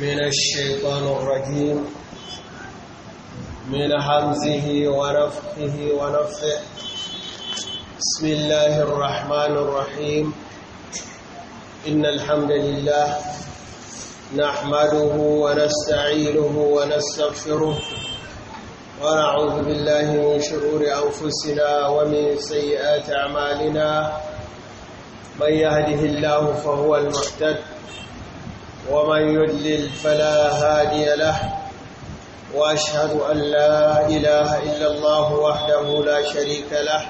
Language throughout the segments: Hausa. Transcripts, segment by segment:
من الشيطان الرجيم من همزه ورفقه ونفخه بسم الله الرحمن الرحيم إن الحمد لله نحمده ونستعينه ونستغفره ونعوذ بالله من شرور أنفسنا ومن سيئات أعمالنا من يهده الله فهو المهتد ومن يدلل فلا هادي له وأشهد أن لا إله إلا الله وحده لا شريك له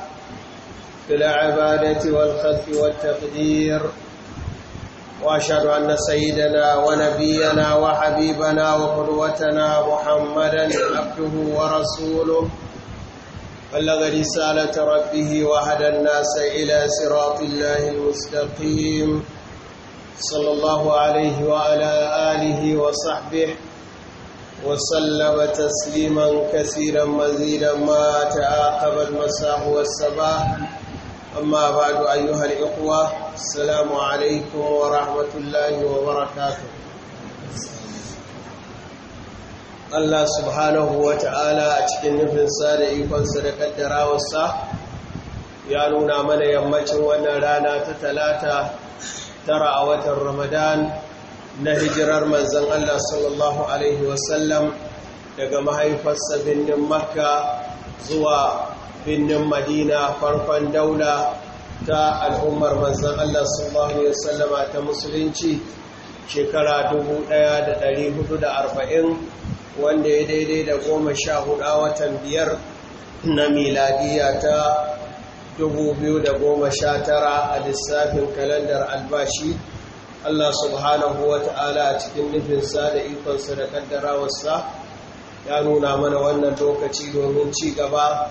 في العبادة والخلق والتقدير وأشهد أن سيدنا ونبينا وحبيبنا وقدوتنا محمدا عبده ورسوله بلغ رسالة ربه وهدى الناس إلى صراط الله المستقيم صلى الله عليه وعلى آله وصحبه وسلم تسليما كثيرا مزيدا ما تعاقب المساء والصباح أما بعد أيها الإخوة السلام عليكم ورحمة الله وبركاته Allah subhanahu wa ta'ala a cikin nufinsa da ikonsa da wasa ya nuna mana yammacin wannan rana ta talata tara a watan ramadan na hijirar manzan Allah sallallahu Alaihi wasallam daga mahaifarsa birnin makka zuwa birnin madina farkon daula ta al'ummar manzan Allah sallallahu Alaihi wasallama ta musulunci shekara 1440 wanda ya daidai da goma sha hudu watan biyar na miladiya ta 2019 a lissafin kalandar albashi Allah subhanahu wa ta'ala a cikin nufinsa da ikonsa da kaddarawarsa ya nuna mana wannan lokaci domin ci gaba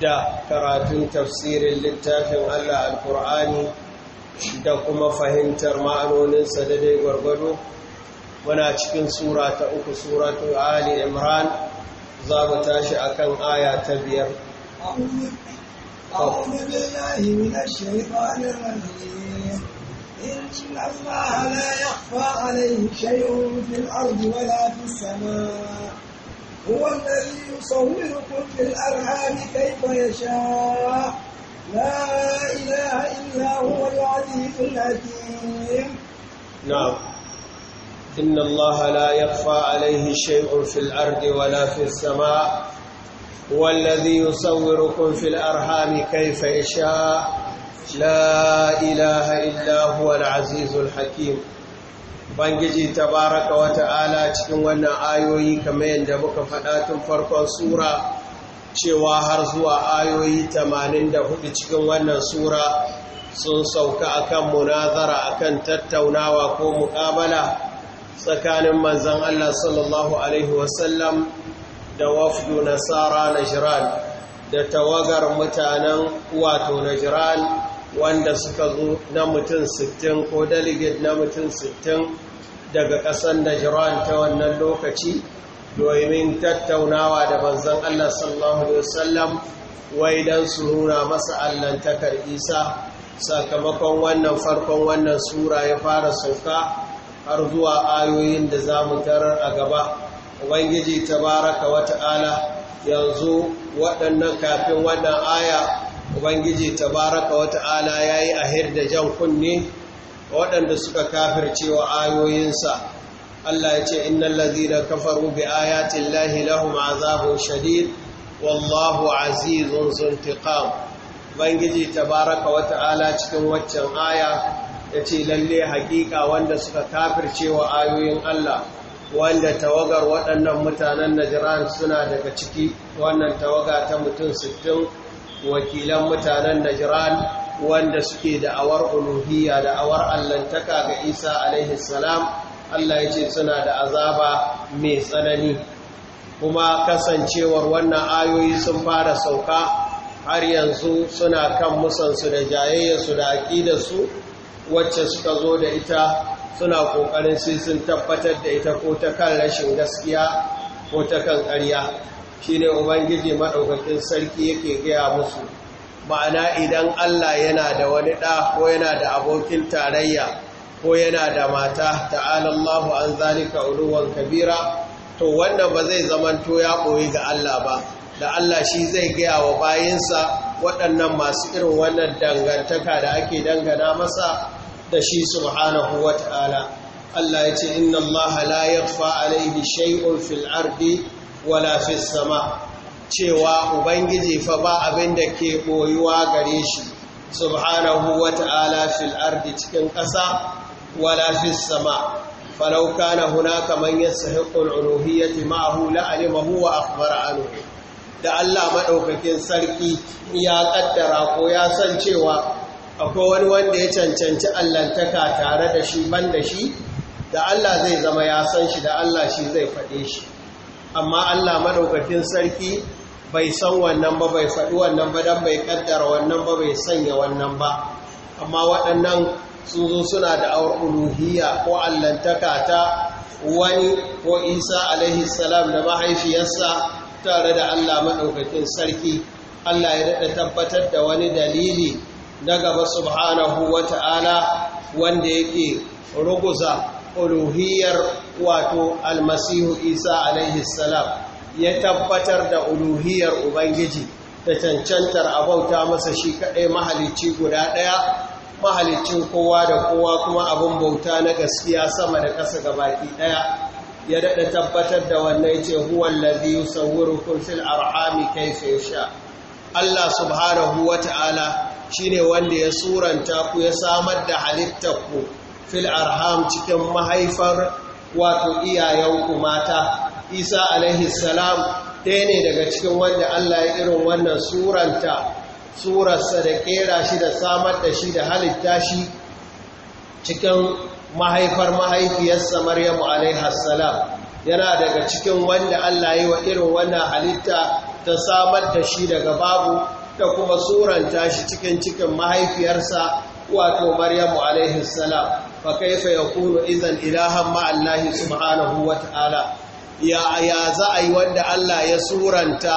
da karatun tafsirin littafin Allah alkur'ani da kuma fahimtar ma'anoninsa da dai gwargwado muna cikin sura ta uku suratu ali imran za mu tashi akan aya ta biyar أعوذ بالله من الشيطان الرجيم إن الله لا يخفى عليه شيء في الأرض ولا في السماء هو الذي يصوركم في الأرحام كيف يشاء لا إله إلا هو العزيز الحكيم نعم إن الله لا يخفى عليه شيء في الأرض ولا في السماء هو الذي يصوركم في الأرحام كيف يشاء لا إله إلا هو العزيز الحكيم Bangiji tabaraka wa ta'ala cikin wannan ayoyi kamar yadda muka faɗa tun farkon sura cewa har zuwa ayoyi 84 cikin wannan sura sun sauka akan munazara akan tattaunawa ko muƙabala tsakanin manzan Allah sallallahu Alaihi wasallam da wafdu nasara na jiran da tawagar mutanen wato na jiran wanda suka zo na mutum 60 ko delegate na mutum 60 daga ƙasar na jiran ta wannan lokaci domin tattaunawa da manzan Allah sallallahu Alaihi wasallam wai don su nuna masa allantakar isa sakamakon wannan farkon wannan sura ya fara sauka har zuwa ayoyin da za mu tarar a gaba ubangiji tabaraka wata'ala yanzu waɗannan kafin wannan aya ubangiji tabaraka wata'ala ya yi hir da jan kunne waɗanda suka kafircewa ayoyinsa Allah ya ce innal ladhina kafaru bi ayati llahi lahum azabun shadid wallahu azizun zuntiqam ubangiji tabaraka wata'ala cikin waccan aya ya ce lalle hakika wanda suka kafircewa ayoyin Allah wanda tawagar waɗannan mutanen najiran suna daga ciki wannan tawaga ta mutum sittin wakilan mutanen najiran wanda suke da da'awar uluhiyya awar allantaka ga isa alaihi salam Allah ya ce suna da azaba mai tsanani kuma kasancewar wannan ayoyi sun fara sauka har yanzu suna kan musansu da jayayyarsu da aƙidarsu wacce suka zo da ita suna ƙoƙarin sai sun tabbatar da ita ko ta kan rashin gaskiya ko ta kan ƙarya shi ne ubangiji maɗaukakin sarki yake gaya musu ma'ana idan allah yana da wani ɗa ko yana da abokin tarayya ko yana da mata ta'alallahu an zalika uluwan kabira to wannan ba zai zamanto ya ɓoye ga allah ba da allah shi zai gaya wa bayansa waɗannan masu irin wannan dangantaka da ake dangana masa da shi subhanahu wa ta'ala Allah ya ce inna Allah la yakhfa alayhi shay'un fil ardi wala fis sama cewa ubangiji fa ba abin da ke boyuwa gare shi subhanahu wa ta'ala fil ardi cikin ƙasa wala fis sama falau kana hunaka man yastahiqu al-uluhiyyati ma'ahu la alimahu wa akhbara anhu da Allah madaukakin sarki ya kaddara ko ya san cewa akwai wani wanda ya cancanci allantaka tare da shi ban da shi da Allah zai zama ya san shi da Allah shi zai faɗe shi amma Allah maɗaukakin sarki bai san wannan ba bai faɗi wannan ba don bai ƙaddara wannan ba bai sanya wannan ba amma waɗannan sun zo suna da awar uluhiyya ko allantaka ta wani ko Isa alaihi salam da mahaifiyarsa tare da Allah maɗaukakin sarki Allah ya daɗa tabbatar da wani dalili na gaba subhanahu wa ta'ala wanda yake ruguza uluhiyar wato almasihu isa alaihi salam ya tabbatar da uluhiyar ubangiji da cancantar abauta masa shi kaɗai mahalicci guda ɗaya mahalicin kowa da kowa kuma abin bauta na gaskiya sama da ƙasa ga gabaki ɗaya ya daɗa tabbatar da wannan ce huwan lazi yusawwirukum fil arhami sai sha. Allah subhanahu wa ta'ala. shine wanda ya suranta ku ya samar da halittar ku fil arham cikin mahaifar wato iyayenku mata isa alaihi salam ɗaya ne daga cikin wanda allah ya irin wannan suranta surarsa da kera shi da samar da shi da halitta shi cikin mahaifar mahaifiyarsa maryamu alaihi salam yana daga cikin wanda allah ya wa irin wannan halitta ta samar da shi daga babu da kuma suranta shi cikin cikin mahaifiyarsa wato maryamu alaihi salam fa kaifa yakunu idan ilahan ma Allah subhanahu wataala ya ya za a yi wanda Allah ya suranta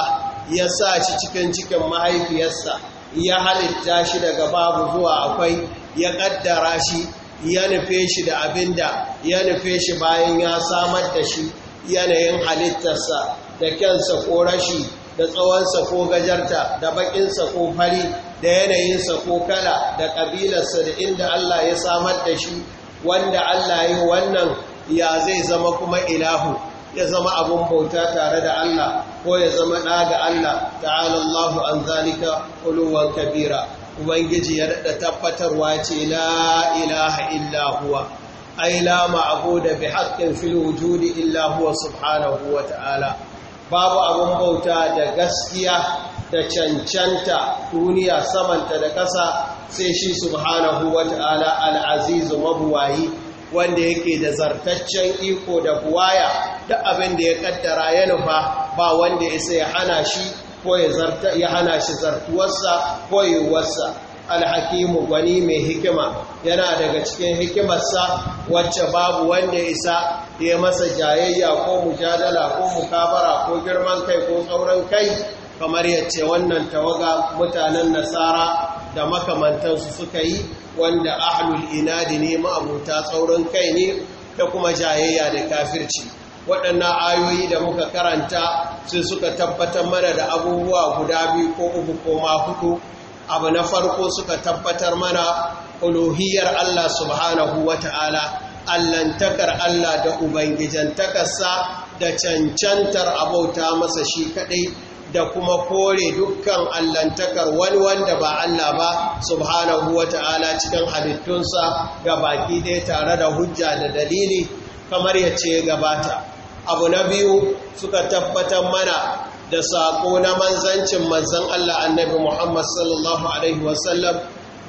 ya sa shi cikin cikin mahaifiyarsa ya halitta shi daga babu zuwa akwai ya kaddara shi ya nufe shi da abinda ya nufe shi bayan ya samar da shi yanayin halittarsa da kyansa ko rashi da tsawonsa ko gajarta da baƙinsa ko fari da yanayinsa ko kala da ƙabilarsa da inda Allah ya samar da shi wanda Allah ya wannan ya zai zama kuma ilahu ya zama abun bauta tare da Allah ko ya zama ɗa ga Allah ta'ala Allahu an zalika uluwan kabira ubangiji ya daɗa tabbatarwa ce la ilaha illa huwa ai la ma'budu bi haqqin fil wujudi illa huwa subhanahu wa ta'ala babu abin bauta da gaskiya da cancanta duniya samanta da ƙasa sai shi subhanahu ta'ala, al'azizu mabuwayi wanda yake da zartaccen iko da buwaya da abin da ya kaddara ya nufa ba wanda ya sai hana shi ko ya hana shi zartuwarsa ko yiwuwarsa alhakimu gwani mai hikima yana daga cikin hikimarsa wacce babu wanda isa ya masa jayayya ko mujadala ko mukabara ko girman kai ko tsauran kai kamar yace wannan tawaga mutanen nasara da makamantansu suka yi wanda ahlul inadi ne ma'abuta tsaurin kai ne da kuma jayayya da kafirci waɗannan ayoyi da muka karanta sun suka tabbatar mana da abubuwa guda biyu ko uku ko ma hudu abu na farko suka tabbatar mana uluhiyar Allah subhanahu wa ta'ala allahntakar Allah da ubangijantakarsa da cancantar abauta masa shi kaɗai da kuma kore dukkan allantakar wani wanda ba Allah ba subhanahu wa ta'ala cikin halittunsa ga baki dai tare da hujja da dalili kamar ya ce gabata abu na biyu suka tabbatar mana da saƙo na manzancin manzan Allah annabi Muhammad sallallahu Alaihi wasallam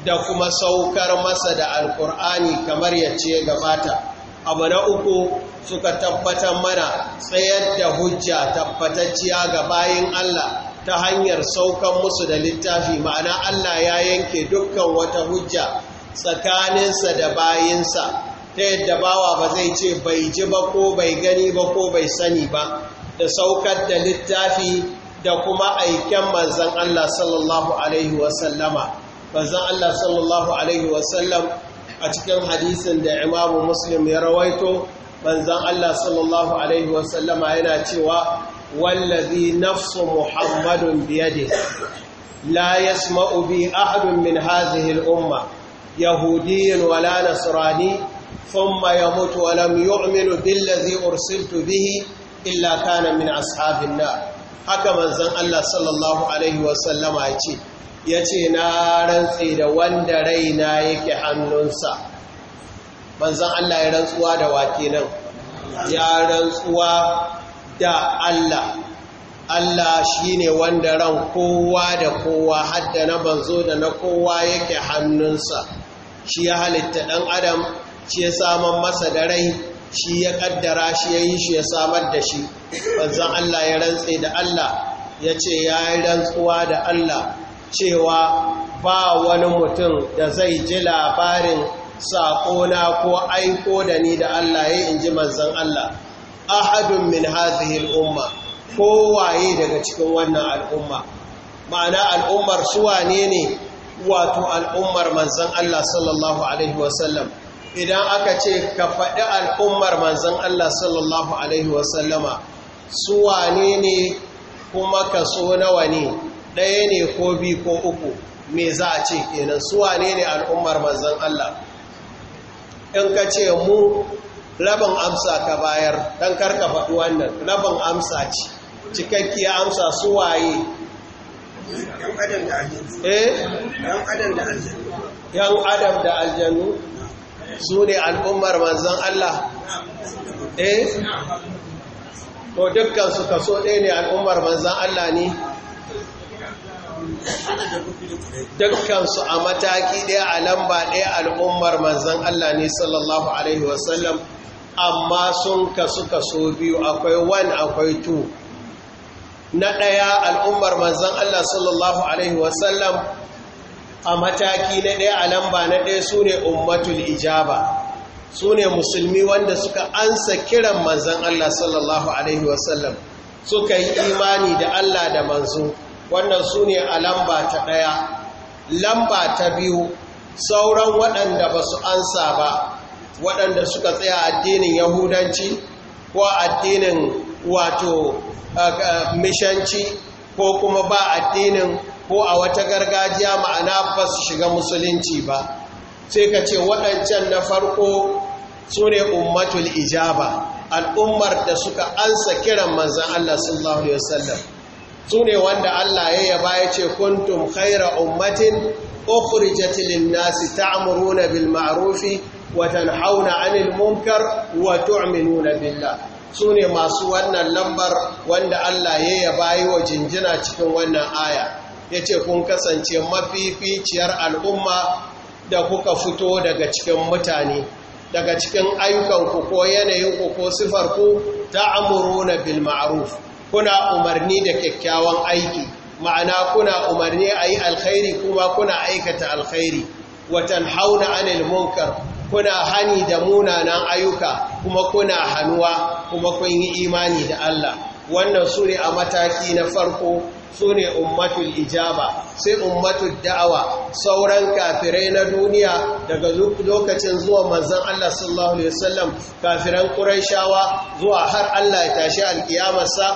da kuma saukar masa da alƙur'ani kamar ya ce gabata. Abu na uku suka tabbatar mana tsayar da hujja tabbatacciya ga bayin Allah ta hanyar saukan musu da littafi ma'ana Allah ya yanke dukkan wata hujja tsakaninsa da bayinsa ta yadda bawa ba zai ce bai ji ba ko bai gani ba ko bai sani ba da saukar da littafi da kuma aiken manzan Allah sallallahu Alaihi wasallama manzan Allah sallallahu Alaihi wasallam a cikin hadisin da imamu muslim ya rawaito manzan Allah sallallahu Alaihi wasallama yana cewa wallazi nafsu muhammadun biyade la yasma'u bi ahadun min hazihi al-umma yahudiyyin wala nasrani thumma mutu wa lam yu'minu billazi ursiltu bihi illa kana min ashabin na haka manzon Allah sallallahu alaihi wasallama ya ce ya ce na rantse da wanda raina yake hannunsa manzan Allah ya rantsuwa da wake nan ya rantsuwa da Allah Allah shi ne wanda ran kowa da kowa hadda na banzo da na kowa yake hannunsa shi ya halitta ɗan adam shi ya saman masa da rai shi ya kaddara shi ya yi shi ya samar da shi wanzan Allah ya rantse da Allah ya ce ya yi rantsuwa da Allah cewa ba wani mutum da zai ji labarin na ko aiko da ni da Allah ya in ji manzan Allah ahadun min hazihil umma kowaye daga cikin wannan al'umma ma'ana al'ummar suwa ne ne wato al'ummar manzan Allah sallallahu alaihi wasallam idan aka ce ka faɗi al'ummar manzan Allah sallallahu Alaihi wasallama su wane ne kuma ka so nawa ne ɗaya ne ko bi ko uku me za a ce kenan su wane ne al'ummar manzan Allah in ka ce mu rabin amsa ka bayar don karka faɗi wannan rabin amsa ce cikakkiya amsa su waye ‘yan adam da aljanu eh? su ne al'ummar manzan Allah eh to dukkan su kaso ɗaya ne al'ummar manzan Allah ne dukkan su a mataki ɗaya a lamba ɗaya al'ummar manzan Allah ne sallallahu alaihi wasallam amma sun kasu kaso biyu akwai one akwai two na ɗaya al'ummar manzan Allah sallallahu alaihi wasallam a mataki na ɗaya a lamba na ɗaya su ne ummatul ijaba su ne musulmi wanda suka ansa kiran manzan Allah sallallahu Alaihi wasallam suka yi imani da Allah da manzo wannan su ne a lamba ta ɗaya lamba ta biyu sauran waɗanda ba su ansa ba waɗanda suka tsaya addinin yahudanci ko addinin wato mishanci ko kuma ba addinin ko a wata gargajiya ma'ana ba su shiga musulunci ba sai ka ce waɗancan na farko su ne ummatul ijaba al'ummar da suka ansa kiran manzan Allah sallallahu Alaihi wasallam su ne wanda Allah ya yaba ya ce kuntum khaira ummatin ukhrijat lin-nasi ta'muruna bil ma'rufi wa tanhauna 'anil munkar wa tu'minuna billah su ne masu wannan lambar wanda Allah ya yaba yi wa jinjina cikin wannan aya ya ce kun kasance mafificiyar al'umma da kuka fito daga cikin mutane daga cikin ayyukanku ko yanayinku ko sifarku ta amuru na bilma'aruf kuna umarni da kyakkyawan aiki ma'ana kuna umarni a yi alkhairi kuma kuna aikata alkhairi watan hauna anil munkar kuna hani da munanan ayyuka kuma kuna hannuwa kuma kun yi imani da Allah wannan su ne a mataki na farko su ne ummatul ijaba sai ummatul da'awa sauran kafirai na duniya daga lokacin zuwa manzan Allah sallallahu Alaihi wasallam kafiran ƙuraishawa zuwa har Allah ya tashi alƙiyamarsa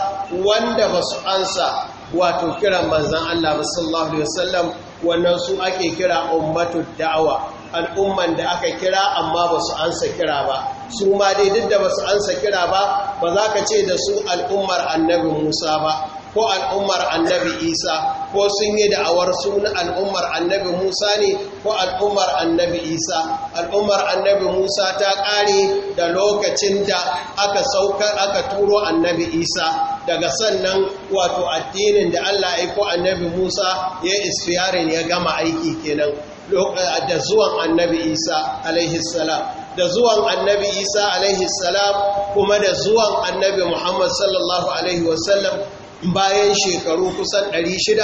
wanda ba su ansa wato kiran manzan Allah sallallahu Alaihi wasallam wannan su ake kira ummatul da'awa al'umman da aka kira amma ba su ansa kira ba su ma dai duk da ba su ansa kira ba ba za ka ce da su al'ummar annabi musa ba ko al'ummar annabi isa ko sun yi da'awar suna al'ummar annabi musa ne ko al'ummar annabi isa al'ummar annabi musa ta ƙare da lokacin da aka sauka aka turo annabi isa daga sannan wato addinin da allah ya ko annabi musa ya isfiyarin ya gama aiki kenan da zuwan annabi isa alaihi salam da zuwan annabi isa alaihi salam kuma da zuwan annabi muhammad sallallahu alaihi wasallam bayan shekaru kusan 600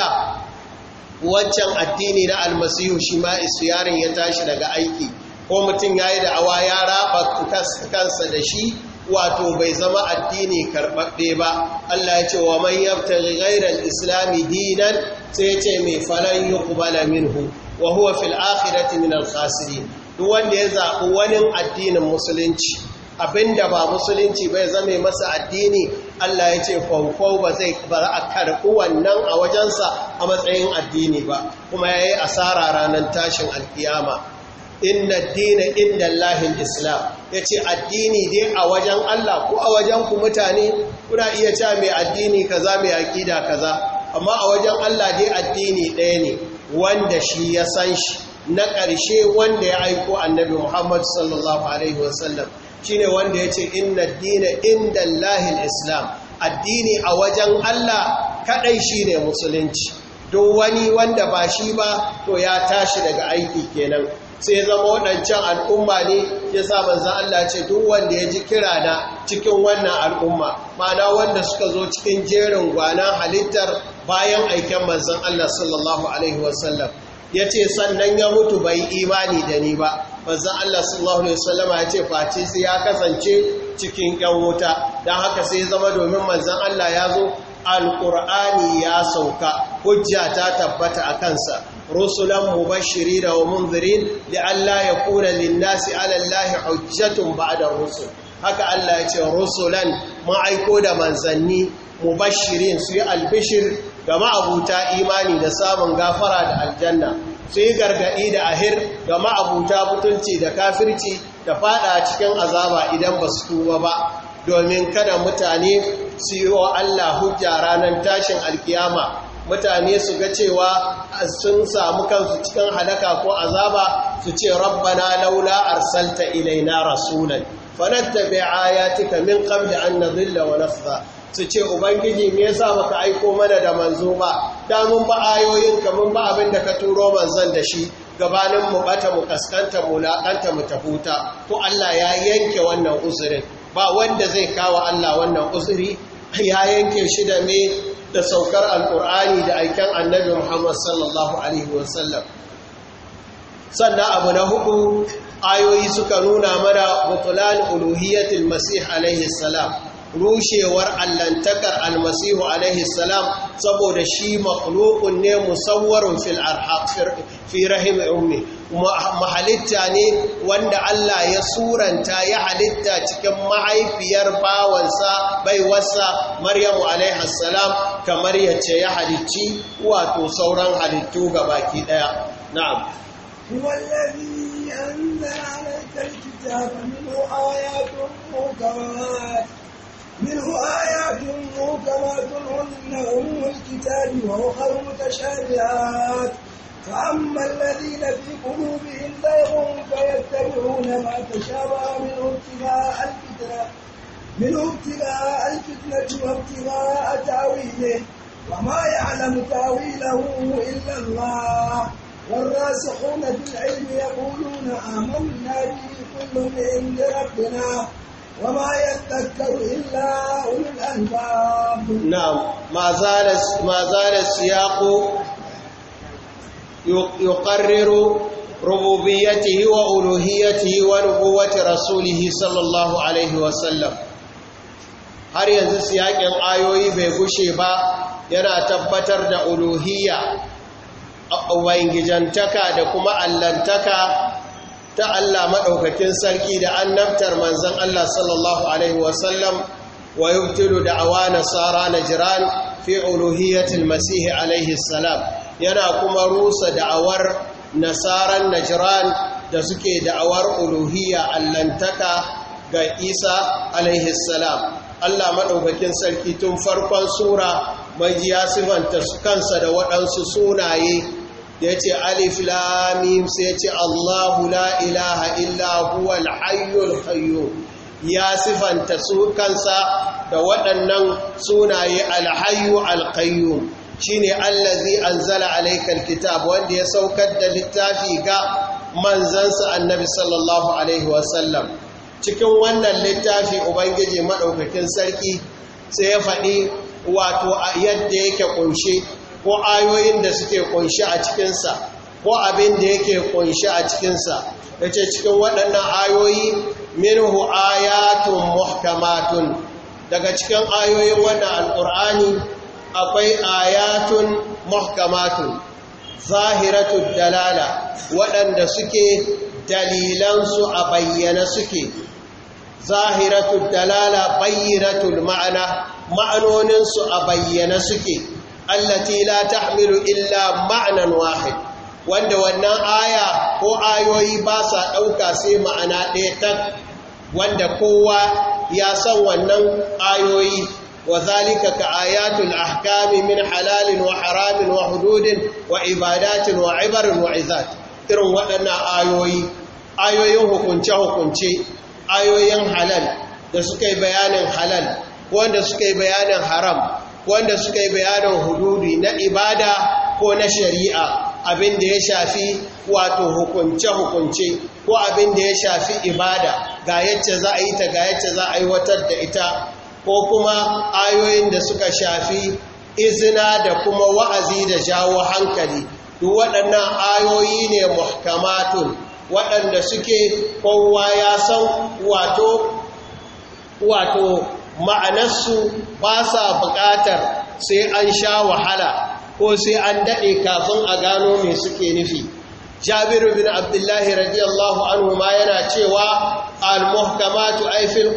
wancan addini na almasihu shi ma isu yaren ya tashi daga aiki ko mutum ya yi da'awa ya raba kansa da shi wato bai zama addini karɓaɓɓe ba Allah ya ce wa man yabta ghayra islami dinan sai ya ce mai falan yuqbala minhu wa huwa fil akhirati min al duk wanda ya zaɓi wani addinin musulunci abinda ba musulunci bai zame masa addini Allah ya ce kwankwan ba zai a karɓi wannan a wajensa a matsayin addini ba kuma ya yi asara ranar tashin alkiyama inna dina inda lahin islam ya ce addini dai a wajen Allah ko a wajen ku mutane kuna iya ca mai addini kaza mai aƙida kaza amma a wajen Allah dai addini ɗaya ne wanda shi ya san shi na ƙarshe wanda ya aiko annabi Muhammad sallallahu alaihi wasallam shine wanda ya ce inna dina inda lahil islam addini a wajen Allah kaɗai shine musulunci don wani wanda ba shi ba to ya tashi daga aiki kenan sai zama waɗancan al'umma ne ya sa manzan Allah ce duk wanda ya ji kira na cikin wannan al'umma Ma'ana wanda suka zo cikin jerin gwanan halittar bayan aiken manzan Allah sallallahu Alaihi wasallam ya ce sannan ya mutu bai imani da ni ba manzan Allah sallallahu Alaihi wasallama ya ce face sai ya kasance cikin ‘yan wuta don haka sai zama domin manzan Allah ya zo alƙur'ani ya sauka hujja ta tabbata a kansa rusulan mubashiri da wa munzirin da Allah ya linda linnasi alallahi hujjatun ba'da rusul haka Allah ya ce rusulan ma'aiko da manzanni mubashirin su yi albishir ga ma'abuta imani da samun gafara da aljanna su yi gargaɗi da ahir da ma'abuta butunci da kafirci da fada cikin azaba idan ba su tuba ba domin kada mutane su yi wa Allah hujja ranar tashin alkiyama mutane su ga cewa sun samu kansu cikin halaka ko azaba su ce rabbana laula arsalta ilaina rasulan fanattabi ayatika min qabli an nadilla wa nafza su ce ubangiji me yasa baka aiko mana da manzo ba damun ba ayoyin kamun ba abin da ka turo manzan da shi gabanin mu bata mu kaskanta mu laƙanta mu tafuta ko Allah ya yanke wannan uzurin ba wanda zai kawo Allah wannan uzuri ya yanke shi da me da saukar alƙur'ani da aikin annabi Muhammad sallallahu alaihi sannan abu na hudu ayoyi suka nuna mana butulan uluhiyatul masih alaihi salam rushewar allantakar almasihu alaihi salam saboda shi makhluqun ne musawwarun fil rahim ummi mahalitta ne wanda Allah ya suranta ya halitta cikin mahaifiyar bawansa baiwarsa Maryamu alaihi salam kamar yace ya halicci wato sauran halittu gabaki daya na'am huwallazi anzala alayka alkitaba minhu ayatun muhkamat منه آيات محكمات هن أم الكتاب وأخر متشابهات فأما الذين في قلوبهم زيغ فيتبعون ما تشابه منه ابتغاء الفتنة منه ابتغاء الفتنة وابتغاء تأويله وما يعلم تأويله إلا الله والراسخون في العلم يقولون آمنا به كل من عند ربنا وما يذكر إلا أولو الألباب نعم ما زال ما زال السياق يقرر ربوبيته وألوهيته ونبوة رسوله صلى الله عليه وسلم har yanzu siyakin ayoyi bai gushe ba yana tabbatar da uluhiyya ubangijantaka da kuma allantaka ta Allah maɗaukakin sarki da annabtar manzan Allah sallallahu Alaihi wasallam wa yubtilu da'awa nasara na jiran fi uluhiyatul masihi alaihi salam yana kuma rusa da'awar nasaran najiran da suke da'awar uluhiyya allantaka ga isa alaihi salam Allah maɗaukakin sarki tun farkon sura mai majiya sifanta kansa da waɗansu sunaye da ya ce alif lamim sai ya ce allahu la ilaha illa huwal ya sifanta su kansa da waɗannan sunaye alhayyu alqayyum shine allazi anzala alaykal kitab wanda ya saukar da littafi ga manzansa annabi sallallahu alaihi wasallam cikin wannan littafi ubangiji madaukakin sarki sai ya faɗi wato yadda yake ƙunshe ko ayoyin da suke kunshi a cikinsa ko abin da yake kunshi a cikinsa ya ce cikin waɗannan ayoyi minhu ayatun muhkamatun daga cikin ayoyin wannan alƙur'ani akwai ayatun muhkamatun zahiratun dalala waɗanda suke dalilansu a bayyana suke zahiratun dalala bayyanatul ma'ana ma'anoninsu a bayyana suke allati la tahmilu illa ma'nan wahid wanda wannan aya ko ayoyi ba sa ɗauka sai ma'ana ɗaya tak wanda kowa ya san wannan ayoyi wa zalika ka ayatul ahkami min halalin wa haramin wa hududin wa ibadatin wa ibarin wa izat irin waɗannan ayoyi ayoyin hukunce-hukunce ayoyin halal da suka yi bayanin halal wanda suka yi bayanin haram wanda suka yi bayanin hududi na ibada ko na shari'a abin da ya shafi wato hukunce-hukunce ko abin da ya shafi ibada ga yacce za a yi ta ga yacce za a yi watar da ita ko kuma ayoyin da suka shafi izina da kuma wa'azi da jawo hankali duk waɗannan ayoyi ne muhkamatun waɗanda suke kowa ya san wato wato ma'anarsu ba sa buƙatar sai an sha wahala ko sai an daɗe kafin a gano mai suke nufi jabiru bin abdullahi radiyallahu anhu ma yana cewa al-muhkamatu ay fil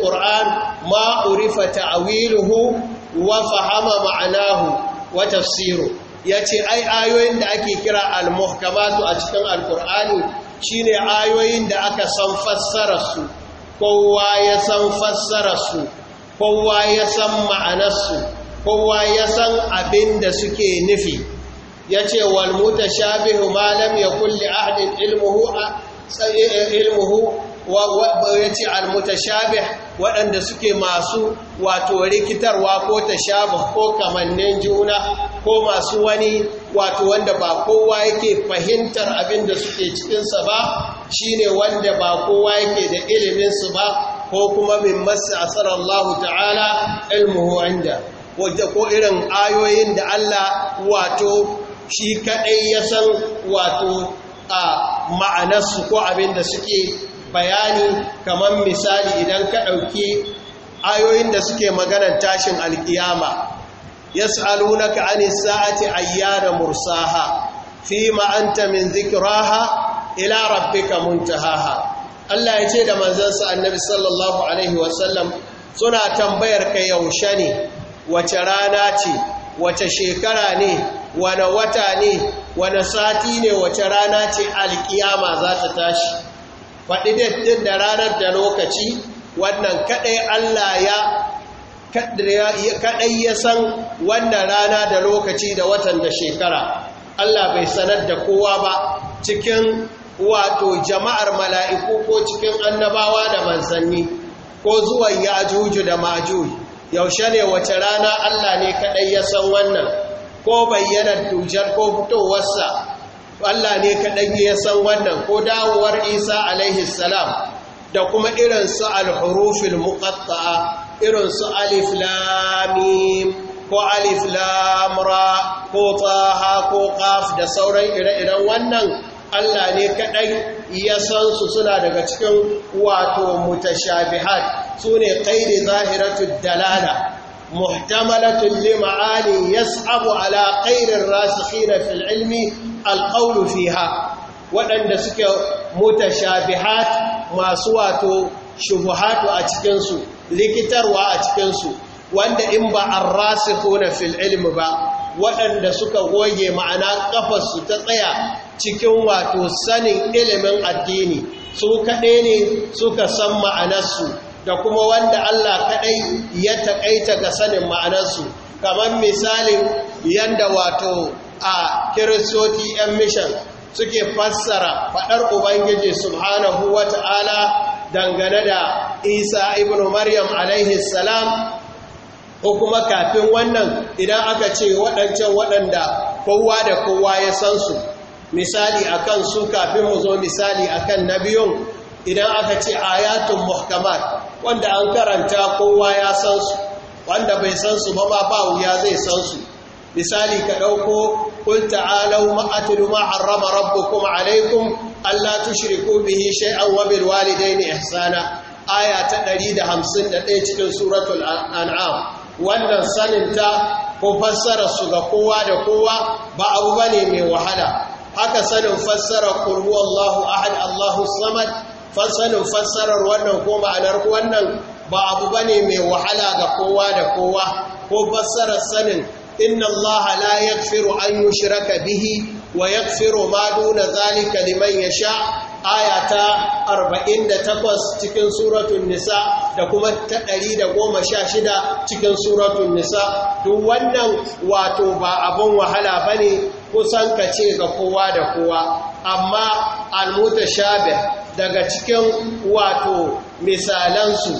ma urifa ta'wiluhu wa fahama ma'anahu wa tafsiru yace ai ayoyin da ake kira al-muhkamatu a cikin al shine ayoyin da aka san fassararsu kowa ya san fassararsu kowa ya san ma'anarsu kowa ya san abin da suke nufi ya ce walmuta shabihu malam ya kulle ahadin ilmuhu eh, eh, ilmuhu, ya ce shabih waɗanda suke masu wato rikitarwa ko ta tashabih ko kamannin juna ko masu wani wato wanda ba kowa yake fahimtar abin da suke cikinsa ba shine wanda ba kowa yake da iliminsu ba ko kuma min masu Allah ta'ala ilmuhu inda wajen ko irin ayoyin da Allah wato shi kaɗai ya san wato a ma'anarsu ko abin da suke bayani kamar misali idan ka ɗauki ayoyin da suke maganar tashin alkiyama ya ka an sa'ati ayyana mursaha fima ma'anta min zikiraha ila rabbika muntahaha Allah ya ce da manzansa annabi sallallahu alaihi wasallam suna tambayar ka yaushe ne wace rana ce wace shekara ne wane wata ne wane sati ne wace rana ce alkiyama za ta tashi faɗi daddin da ranar da lokaci wannan kaɗai Allah ya kaɗai ya san wannan rana da lokaci da watan da shekara Allah bai sanar da kowa ba cikin wato jama'ar mala'iku ko cikin annabawa da mansanni ko zuwan ya'juju da maju yaushe ne wace rana Allah ne kadai ya san wannan ko bayyanar dujar ko fitowarsa Allah ne kadai ya san wannan ko dawowar Isa alaihi salam da kuma irin su alhurufin hurufil irin su alif Lami ko alif lamra ko tsaha ko kaf da sauran ire-iren wannan Allah ne kaɗai ya san su suna daga cikin wato mutashabihat su ne ƙairi zahiratu dalala muhtamalatun lima'ani yas'abu ala ƙairin rasikhina fil ilmi alƙaulu fiha waɗanda suke mutashabihat masu wato shubuhatu a cikinsu likitarwa a cikinsu wanda in ba an rasikhuna fil ilmi ba waɗanda suka goge ma'ana ƙafarsu ta tsaya cikin wato sanin ilimin addini su kaɗai ne suka san ma'anarsu da kuma wanda Allah kaɗai ya taƙaita ga sanin ma'anarsu kamar misalin yadda wato a kiristoci 'yan mishan suke fassara faɗar Ubangiji subhanahu wa ta'ala dangane da Isa ibn Maryam alaihi salam ko kuma kafin wannan idan aka ce waɗancan waɗanda kowa da kowa ya san su misali akan su kafin mu zo misali akan na nabiyun idan aka ce ayatun muhkamat wanda an karanta kowa ya san wanda bai san su ba ba wuya zai sansu. misali ka dauko qul ta'alu ma atlu ma harrama rabbukum alaykum alla tushriku bihi shay'an wa bil walidayni ihsana aya ta ɗari da da hamsin ɗaya cikin suratul an'am wannan sanin ta ko fassara su ga kowa da kowa ba abu bane mai wahala Haka sanin fassarar kurhu Allahu ahad Allahu samad fassanin fassarar wannan ko ma'anar wannan ba abu bane mai wahala ga kowa da kowa ko fassarar sanin inna Allah la yaghfiru an yushraka bihi wa yaghfiru ma duna zalika liman yasha aya ta takwas cikin suratun nisa da kuma ta shida cikin suratun nisa duk wannan wato ba abin wahala ba ne kusan ka ce ga kowa da kowa amma almutashabih daga cikin wato misalansu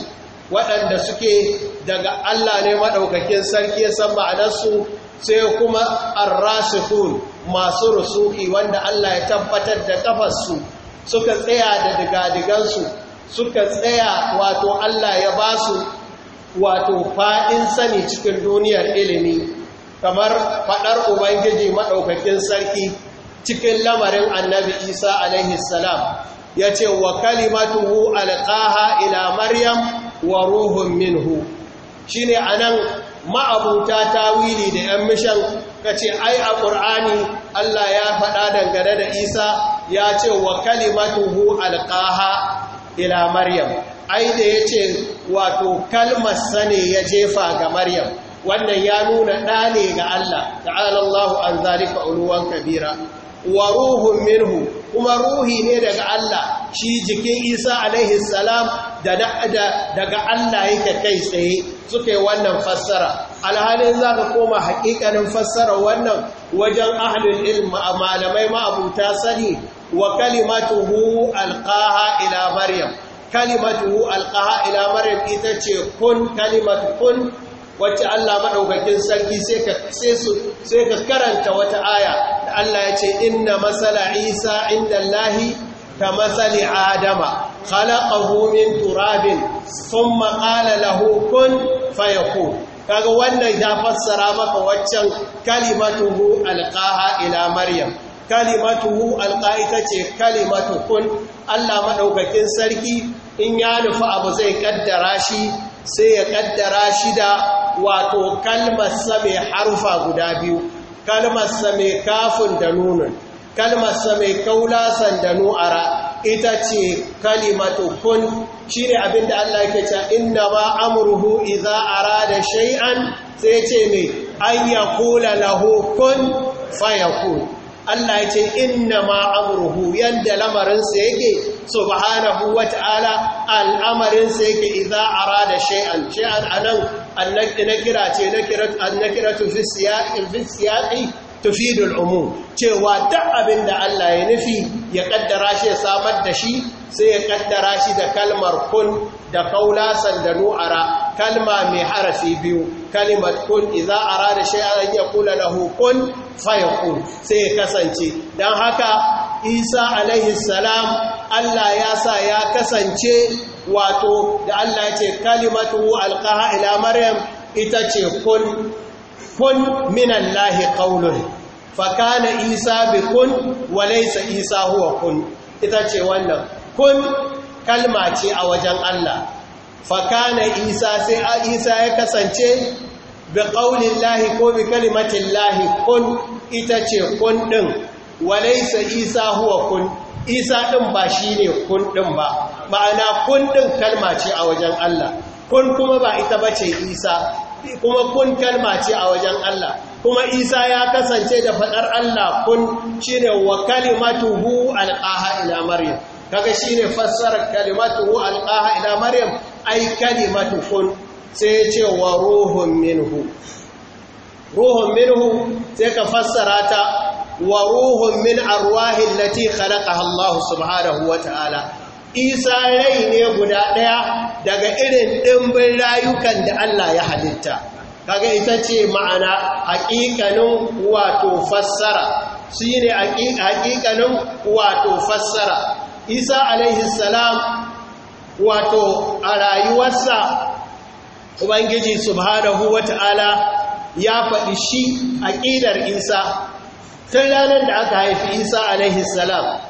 waɗanda suke daga Allah ne maɗaukakin sarki ya san ma'anarsu sai kuma arrasifun masu rusuki wanda Allah ya tabbatar da kafarsu suka tsaya da digadigansu suka tsaya wato Allah ya ba su wato fa'in sani cikin duniyar ilimi kamar faɗar ubangiji maɗaukakin sarki cikin lamarin annabi isa alaihi salam ya ce wa kalimatuhu alƙaha ila maryam wa ruhun minhu shi ne a nan ma'abuta tawili da ‘yan mishan ka ce ai a ƙur'ani Allah ya faɗa dangane da Isa ya ce wa kalimatuhu alƙaha ila Maryam ai da yace wato kalmar sane ya jefa ga Maryam wannan ya nuna ɗa ne ga Allah ta'ala anzali an zalika uluwan kabira wa ruhun minhu kuma ruhi ne daga Allah shi jikin Isa alaihi salam da daga Allah yake kai tsaye suka yi wannan fassara alhalin za ka koma hakikanin fassara wannan wajen ahlul ilm malamai ma'abuta sani wa kalimatuhu alqaha ila maryam kalimatuhu alqaha ila maryam ita ce kun kalimatu kun wacce Allah maɗaukakin sarki sai ka karanta wata aya da Allah ya ce inna matsala isa inda lahi ta matsali adama khalaqahu min turabin thumma qala lahu kun fayakun kaga wannan ya fassara maka waccan kalimatuhu alqaha ila maryam kalimatuhu alqaita ce kalimatu kun Allah maɗaukakin sarki in ya nufi abu zai kaddara shi sai ya kaddara shida wato kalmarsa mai harfa guda biyu kalmarsa mai kafin da nunin kalmarsa mai kaulasan da nu'ara ita ce kalimatu kun shi ne abinda Allah ke ce inda ba amurhu iza da shai'an sai ce mai an ya kula lahu fayakun Allah ya ce inna ma amruhu yanda lamarinsa yake subhanahu wata'ala al'amarinsa yake idza arada shay'an shay'an anan annakira ce nakira fi siyaqi fi siyaqi tufidu al'umum cewa duk abin da Allah ya nufi ya kaddara shi ya samar da shi sai ya kaddara shi da kalmar kun da kaulasan da nu'ara kalma mai harafi biyu kalimat kun a arada shay'an an yaqula lahu kun fayakun sai kasance dan haka Isa alaihi salam Allah ya sa ya kasance wato da Allah ya ce kalimatu alqaha ila maryam ita ce kun kun minallahi qaulun fakana Isa bi kun wa laysa Isa huwa kun ita ce wannan kun kalma ce a wajen Allah fakana isa sai a isa ya kasance bi ƙaunin lahi ko bi kalimatin lahi kun ita ce kun ɗin walaisa isa huwa kun isa ɗin ba shi ne kun ɗin ba ma'ana kun ɗin kalma ce a wajen Allah kun kuma ba ita ba ce isa kuma kun kalma ce a wajen Allah kuma isa ya kasance da faɗar Allah kun shi ne wa hu alƙaha ila maryam kaga ne fassarar hu al'aha ila maryam ai kalimatu kun sai ce wa ruhun minhu ruhun minhu sai ka fassara ta wa ruhun min arwahi lati khalaqaha Allah subhanahu wa ta'ala isa rai ne guda ɗaya daga irin ɗimbin rayukan da Allah ya halitta kaga ita ce ma'ana haƙiƙanin wato fassara shine haƙiƙanin wato fassara isa alaihi salam wato a rayuwarsa ubangiji subhanahu ta'ala ya faɗi shi a aƙidar isa tun ranar da aka haifi isa alaihi salam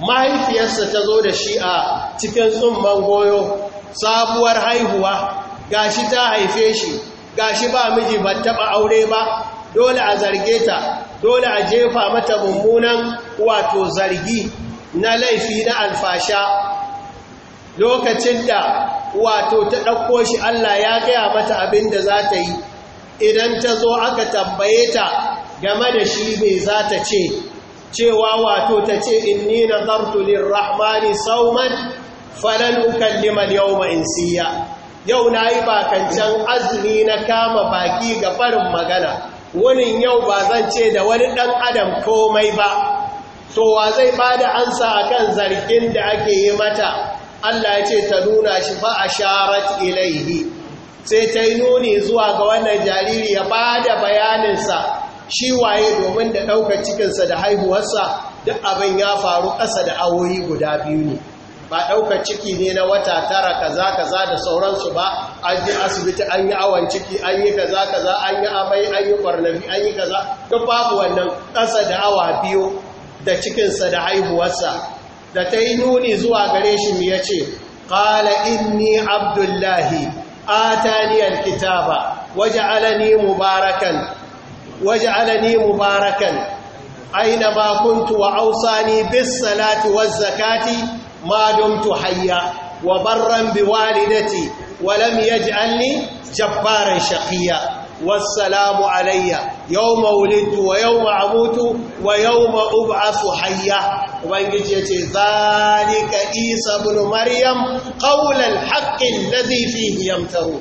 mahaifiyarsa ta zo da shi a cikin tsumman goyo sabuwar haihuwa ga shi ta haife shi ga shi ba miji ba taɓa aure ba dole a zarge ta dole a jefa mata mummunan wato zargi na laifi na alfasha lokacin da wato ta ɗauko shi Allah ya gaya mata abin da za ta yi idan ta zo aka tambaye ta game da shi ne za ta ce cewa wato ta ce inni na zartulin rahmani sauman ukan liman yau ma'insiya yau na yi bakancan azumi na kama baki ga farin magana wunin yau ba zan ce da wani ɗan adam komai ba to wa zai ba da ansa kan zargin da ake yi mata Allah ya ce ta nuna shi a asharat ilaihi sai ta yi nuni zuwa ga wannan jariri ya ba da bayaninsa shi waye domin da ɗaukar cikinsa da haihuwarsa duk abin ya faru ƙasa da awoyi guda biyu ne ba ɗaukar ciki ne na wata tara kaza kaza da sauransu ba an yi asibiti an yi awon ciki an yi kaza kaza an yi amai an yi kwarnafi an yi kaza duk babu wannan ƙasa da awa biyu da cikinsa da haihuwarsa da ta yi nuni zuwa gare shi ya ce ƙala inni abdullahi atani alkitaba waj'alani mubarakan waj'alani mubarakan aina ma kuntu wa awsani bis salati waz zakati ma dumtu hayya wa barran biwalidati wa lam yaj'alni jabbaran shaqiya والسلام علي يوم ولدت ويوم أموت ويوم أبعث حيا وبنجي يتي ذلك عيسى بن مريم قول الحق الذي فيه يمترون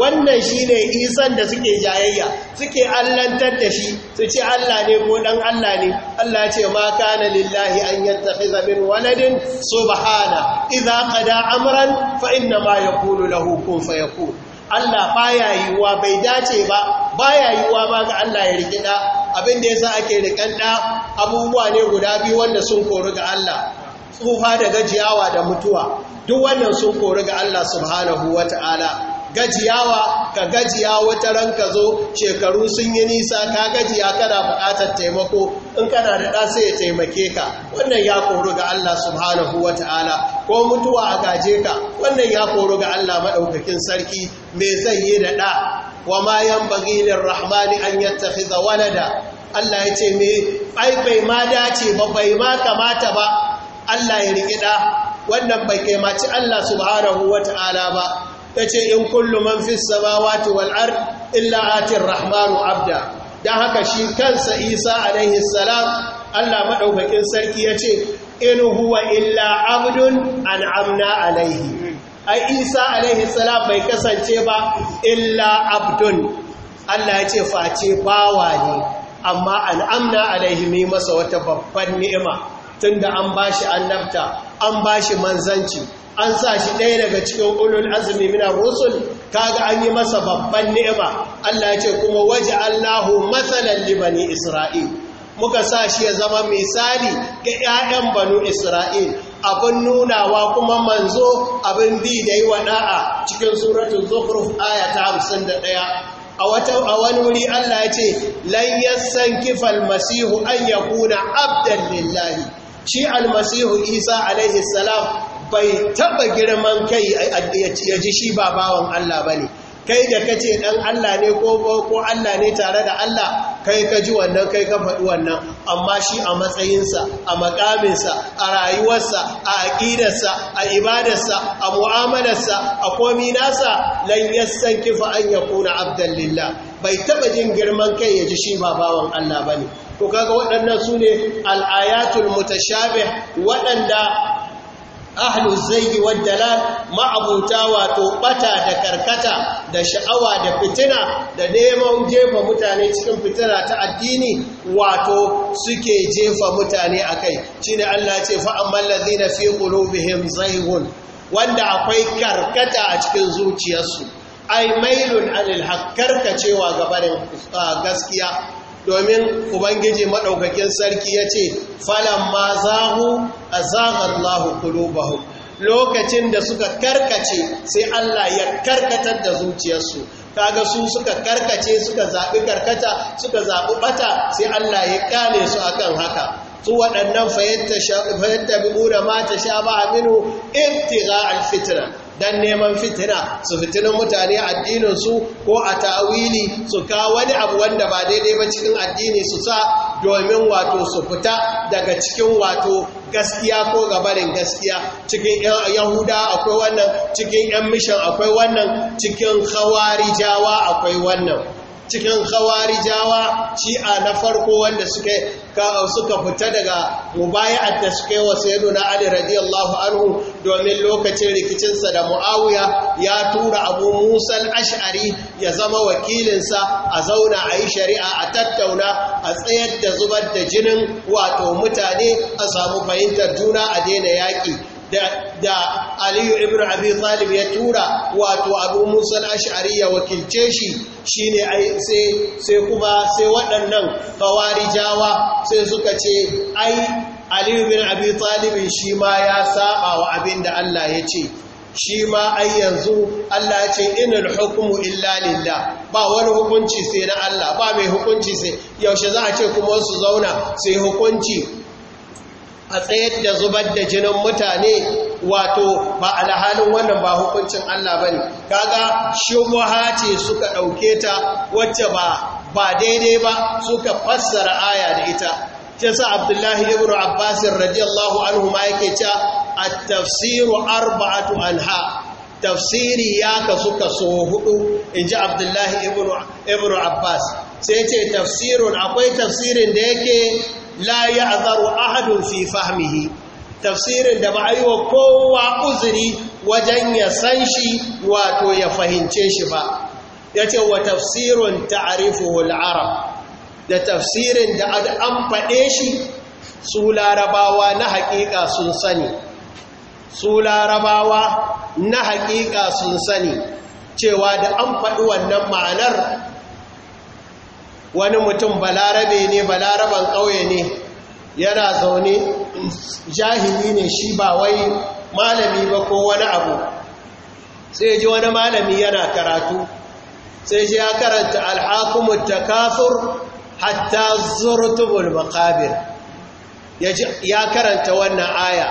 wannan shine isan da suke jayayya suke allantar da shi su ce Allah ne ko dan Allah ne Allah ce ma kana lillahi an yattakhidha min waladin subhana ka qada amran fa inna ma yaqulu lahu kun fayakun Allah baya yiwuwa bai dace ba baya yiwuwa ba ga Allah ya riki da abin da yasa ake rikan da abubuwa ne guda biyu wanda sun kori ga Allah tsufa da gajiyawa da mutuwa duk wannan sun kori ga Allah subhanahu wata'ala gajiyawa ka gajiya wata ran ka zo shekaru sun yi nisa ka gajiya kana buƙatar taimako in kana da ɗa sai ya taimake ka wannan ya koru ga Allah subhanahu wa ta'ala ko mutuwa a gaje ka wannan ya koru ga Allah maɗaukakin sarki me zai yi da ɗa wa ma yan bagilin rahmani an yattakhidha walada Allah ya ce me ai bai ma dace ba bai ma kamata ba Allah ya riƙi ɗa wannan bai kai ci Allah subhanahu wa ta'ala ba Yace in kullum man fis samawati wal ard illa rahmanu abda Da haka shi kansa Isa alaihi salam Allah madaukakin sarki yace in huwa illa abdun amna alaihi ai Isa alaihi salam bai kasance ba illa abdun Allah yace face bawa ne amma an'amna alaihi mai masa wata babban ni'ima tunda an bashi annabta an bashi manzanci an sa shi ɗaya daga cikin ulul azumi mina rusul kaga an yi masa babban ni'ima Allah ya ce kuma waje Allahu matsalan libani Isra'il muka sa shi ya zama misali ga 'ya'yan banu Isra'il abin nunawa kuma manzo abin bi da yi wada'a cikin suratun zukhruf aya ta 51 a wani wuri Allah ya ce lan kifal almasihu an yakuna abdan lillahi shi almasihu Isa alaihi bai taba girman kai ya ji shi ba bawan Allah ba ne kai da ka ce ɗan Allah ne ko ko Allah ne tare da Allah kai ka ji wannan kai ka faɗi wannan amma shi a matsayinsa a makaminsa a rayuwarsa a aƙidarsa a ibadarsa a mu'amalarsa a komi nasa lan yassan kifa an ya kuna abdallillah bai taɓa jin girman kai ya ji shi ba bawan Allah ba ne ko kaga waɗannan su ne al'ayatul mutashabih waɗanda ahlu Zai wad dalal ma'abuta wato bata da karkata da sha'awa da fitina da neman jefa mutane cikin fitina ta addini wato suke jefa mutane akai shine Allah ce fa ammal na fi qulubihim hun? wanda akwai karkata a cikin zuciyarsu ai mailun alilhakkar ka cewa gabarin ah, gaskiya domin ubangiji maɗaukakin sarki ya ce ma hu a Lahu kulubahu lokacin da suka karkace sai Allah ya karkatar da zuciyarsu kaga su suka karkace suka zaɓi karkata suka zaɓi ɓata sai Allah ya ƙane su akan haka su waɗannan fayyanta bi'una mata sha ba aminu a alfitina dan neman fitina su fitinin mutane addininsu ko a ta'awili su ka wani abu wanda ba daidai ba cikin addini su sa domin wato su fita daga cikin wato gaskiya ko gabarin gaskiya cikin yahuda akwai wannan cikin yan mishan akwai wannan cikin khawarijawa akwai wannan cikin shi shi'a na farko wanda suka fita daga mubaya'at da suke wa na Ali radiyallahu anhu domin lokacin rikicinsa da Muawiya ya tura Abu musan al-Ash'ari ya zama wakilinsa a zauna a yi shari'a a tattauna a tsayar da zubar da jinin wato mutane a samu fahimtar juna a daina yaƙi da aliyu ibn abi talib ya tura wato abu musa al-ash'ari ya wakilce shi shine sai sai kuma sai waɗannan fawarijawa sai suka ce ai aliyu ibn abi talib shi ma ya saba wa abin da Allah ya ce shi ma ai yanzu Allah ya ce inal hukmu illa lillah ba wani hukunci sai na Allah ba mai hukunci sai yaushe za a ce kuma su zauna sai hukunci a tsayar da zubar da jinin mutane wato ba alhalin wannan ba hukuncin Allah bane kaga shubuha ce suka dauke ta wacce ba ba daidai ba suka fassara aya da ita ce sa Abdullahi ibn Abbas radiyallahu anhu ma yake cewa at-tafsiru arba'atu anha tafsiri ya suka kaso hudu inji Abdullahi ibn Abbas sai ce tafsirun akwai tafsirin da yake la ya azaru ahadun fi fahmihi tafsirin da ba a yi wa kowa uzuri wajen ya san shi wato ya fahimce shi ba ya ce wa tafsirin ta'arifuhul arab da tafsirin da an faɗe shi su larabawa na haƙiƙa sun sani su larabawa na haƙiƙa sun sani cewa da an faɗi wannan ma'anar wani mutum balarabe ne balaraban ƙauye ne yana zaune jahili ne shi ba wai malami ba ko wani abu sai ji wani malami yana karatu sai ji ya karanta alhakumun kafur hatta zurtubul makabir ya karanta wannan aya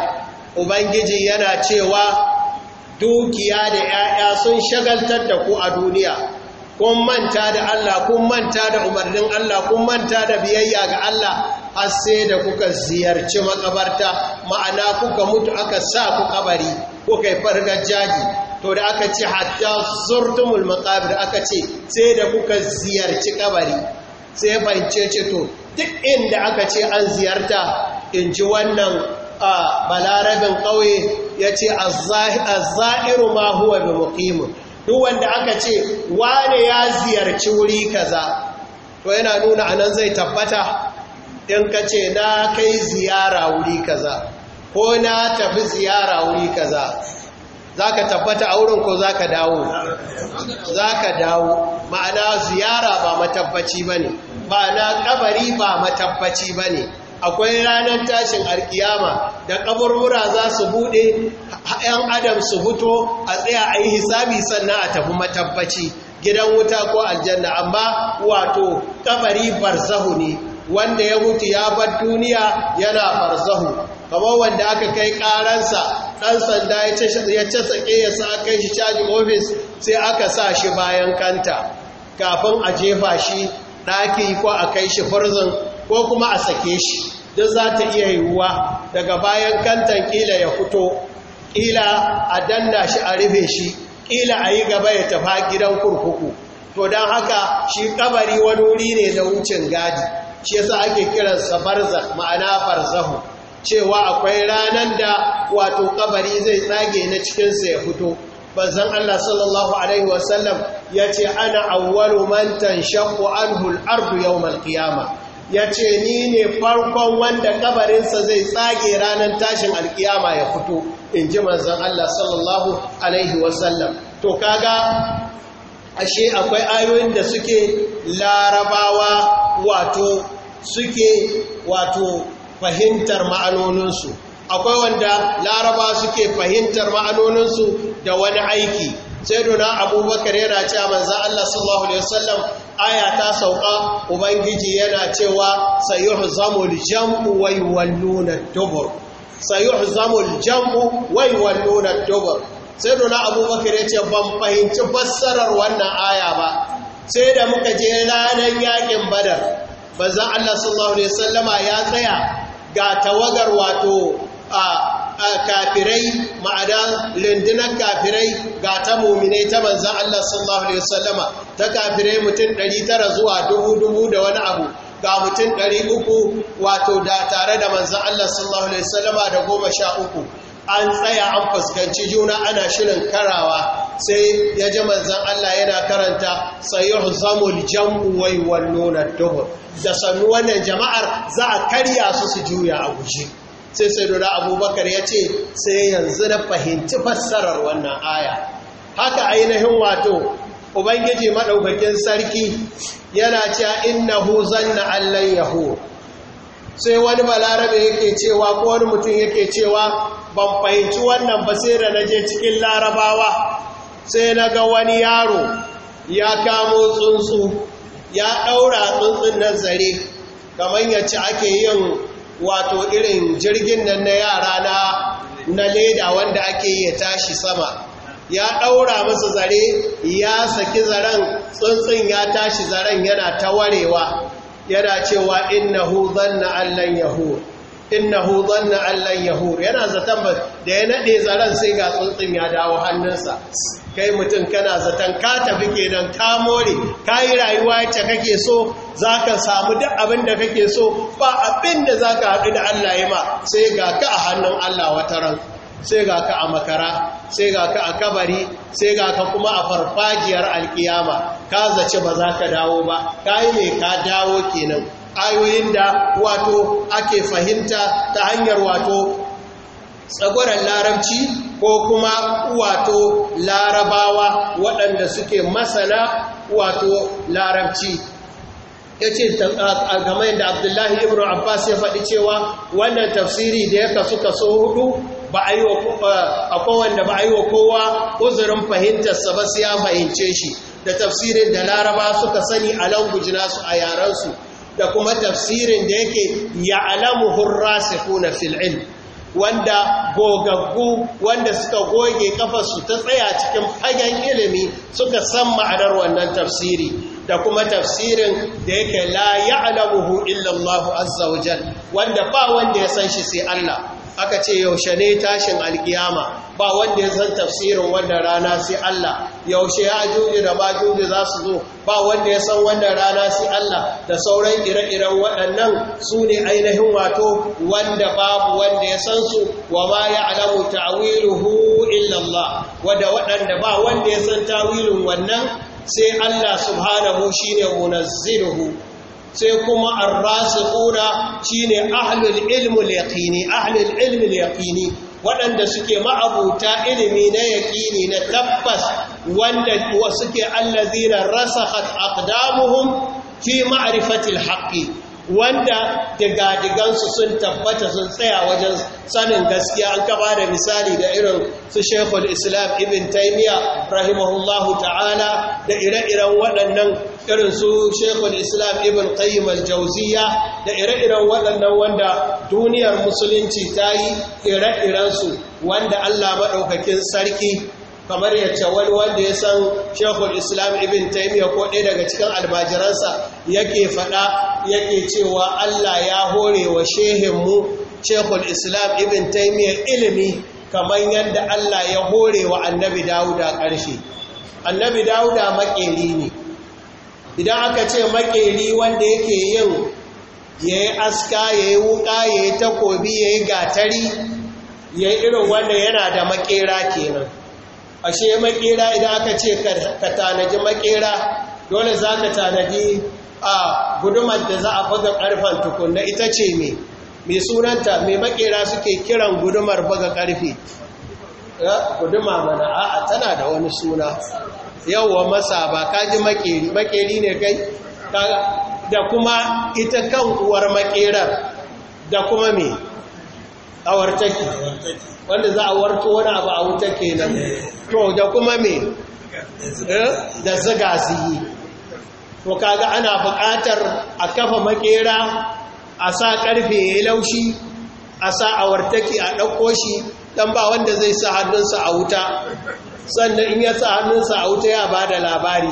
ubangiji yana cewa dukiya da 'ya'ya sun shagaltar da ku a duniya kun manta da Allah kun manta da umarnin Allah kun manta da biyayya ga Allah har sai da kuka ziyarci makabarta ma'ana kuka mutu aka sa ku kabari kuka yi fargajaji to da aka ce hatta zurtumul makabir aka ce sai da kuka ziyarci kabari sai fahimce ce to duk inda aka ce an ziyarta in ji wannan balarabin ƙauye ya ce azza'iru ma huwa bi muqimin duk wanda aka ce wane ya ziyarci wuri kaza to yana nuna anan zai tabbata in ka ce na kai ziyara wuri kaza ko na tafi ziyara wuri kaza za ka tabbata a wurin ko za ka dawo za ka dawo ma'ana ziyara ba matabbaci ba ne ma'ana kabari ba matabbaci ba ne akwai ranar tashin alkiyama da kaburbura za su bude ‘yan adam su fito a tsaya a yi hisabi sannan a tafi matabbaci gidan wuta ko aljanna amma wato kabari barzahu ne wanda ya mutu ya bar duniya yana barzahu kamar wanda aka kai karansa ɗan sanda ya ce sake ya sa kai shi caji ofis sai aka sa shi bayan kanta kafin a jefa shi ɗaki ko a kai shi furzin ko kuma a sake shi duk za ta iya yiwuwa daga bayan kantan ƙila ya fito ƙila a danna shi a rufe shi ƙila a yi gaba ya tafa gidan kurkuku to don haka shi ƙabari wani wuri ne na wucin gadi shi yasa ake kiransa Barza ma'ana barzahu cewa akwai ranar da wato ƙabari zai tsage na cikinsa ya fito bazan Allah sallallahu alaihi wasallam ya ce ana awwalu man tanshaqu anhu al-ardu yawm al ya ce ni ne farkon wanda kabarinsa zai tsage ranar tashin alkiyama ya fito in ji manzan Allah sallallahu Alaihi wasallam to kaga ashe akwai ayoyin da suke larabawa wato suke wato fahimtar ma'anoninsu akwai wanda laraba suke fahimtar ma'anoninsu da wani aiki sai dona abubakar yana cewa manzan Allah sallallahu Alaihi wasallam aya ta sauka ubangiji yana cewa sayuhzamu zamul jamu wa na dubur sayuhzamu al-jam'u wa dubur sai dona abubakar yace ban fahimci fassarar wannan aya ba sai da muka je ranar yakin badar bazan Allah sallallahu alaihi wasallama ya tsaya ga tawagar wato A kafirai ma'ana lindinar kafirai ga ta muminai ta manzan Allah sallallahu Alaihi wasallama ta kafirai mutum 900 zuwa 2000 da wani abu ga mutum 300 wato da tare da manzan Allah sallallahu Alaihi wasallama da goma sha uku an tsaya an fuskanci juna ana shirin karawa sai ya ji manzan Allah yana karanta sayuhu zamul jam'u wai wannan da sannu wannan jama'ar za a karya su su juya a guji. sai sai duna abubakar ya ce sai yanzu na fahimci fassarar wannan aya haka ainihin wato ubangiji maɗaukakin sarki yana cewa huzan na allon yahu sai wani balarabe yake cewa ko wani mutum yake cewa ban fahimci wannan ba sai da je cikin larabawa sai na ga wani yaro ya kamo tsuntsu ya ɗaura tsuntsun nan zare kamar yace ake yin wato irin jirgin nan na yara na na leda wanda ake ya tashi sama ya ɗaura masa zare ya saki zaren tsuntsun ya tashi zaren yana tawarewa warewa yana cewa innahu zanna allan yahur innahu zanna allan yahur yana zaton da ya naɗe zaren sai ga tsuntsun ya dawo hannunsa kai mutum kana zaton ka tafi kenan ka more ka yi rayuwa yacce kake so za ka samu duk abin da kake so ba abin da za ka haɗu da Allah ya ma sai ga ka a hannun Allah wata ran sai ga ka a makara sai ga ka a kabari sai ga ka kuma a farfajiyar alkiyama ka zace ba za ka dawo ba ka yi mai ka dawo kenan ayoyin da wato ake fahimta ta hanyar wato tsagoran larabci ko kuma wato larabawa waɗanda suke masana wato larabci ya ce game da abdullahi Ibrahim abbas ya faɗi cewa wannan tafsiri da ya kasu kaso hudu ba a yi wanda ba a yi wa kowa uzurin fahimtarsa ba su ya fahimce shi da tafsirin da laraba suka sani a languji su a yarensu da kuma tafsirin da yake ya su na fil'il wanda gogaggu wanda suka goge kafarsu ta tsaya cikin fagen ilimi suka san ma'anar wannan tafsiri da kuma tafsirin da yake la ya'lamuhu illa Allah azza wanda ba wanda ya san shi sai Allah aka ce yaushe ne tashin alkiyama ba wanda ya san tafsirin wannan rana sai Allah yaushe ya juji da ba juji za su zo ba wanda ya san wannan rana sai Allah da sauran ire-iren waɗannan su ne ainihin wato wanda babu wanda ya san su wa ma alamu ta'wiluhu illa Allah wanda waɗanda ba wanda ya san tawilin wannan sai Allah subhanahu shine munazziluhu sai kuma ar-rasikhuna shine ahlul ilmi yaƙini yaqini ahlul ilmi al waɗanda suke ma'abuta ilimi na yaƙini na tabbas wanda suke allazina rasa aqdamuhum fi ma'rifati haqqi wanda digadigansu sun tabbata sun tsaya wajen sanin gaskiya an kaba da misali da irin su shekul islam ibn taimiyya rahimahullahu ta'ala da ire-iren waɗannan irin su shekul islam ibn qayyim al-jauziya da ire-iren waɗannan wanda duniyar musulunci ta yi ire su. wanda allah maɗaukakin sarki kamar yace wani wanda ya san shekul islam ibn taimiyar ko ɗaya daga cikin albajiransa yake faɗa yake cewa allah ya hore wa shehinmu shekul islam ibn taimiyar ilimi kamar yadda allah ya hore wa annabi dawuda ƙarshe annabi dawuda maƙeri ne idan aka ce makeri wanda yake yin ya yi aska ya yi wuka ya yi takobi ya yi gatari ya yi irin wanda yana da makera kenan ashe makera idan aka ce ka tanaji makera dole za ka tanaji a gudumar da za a buga ƙarfen tukunna ita ce me. mai sunanta mai makera suke kiran gudumar buga ƙarfe eh, guduma mana a tana da wani suna yawwa masa ba kaji makeri makeri ne kai da kuma ita kan uwar makerar da kuma me awartaki wanda za a warto wani abu a wuta kenan to da kuma me eh, da su yi, to kaga ana buƙatar a kafa makera a sa ƙarfe ya laushi a sa awartaki a ɗauko shi don ba wanda zai sa hannunsa a wuta sannan in ya sa hannunsa a wuta ya ba da labari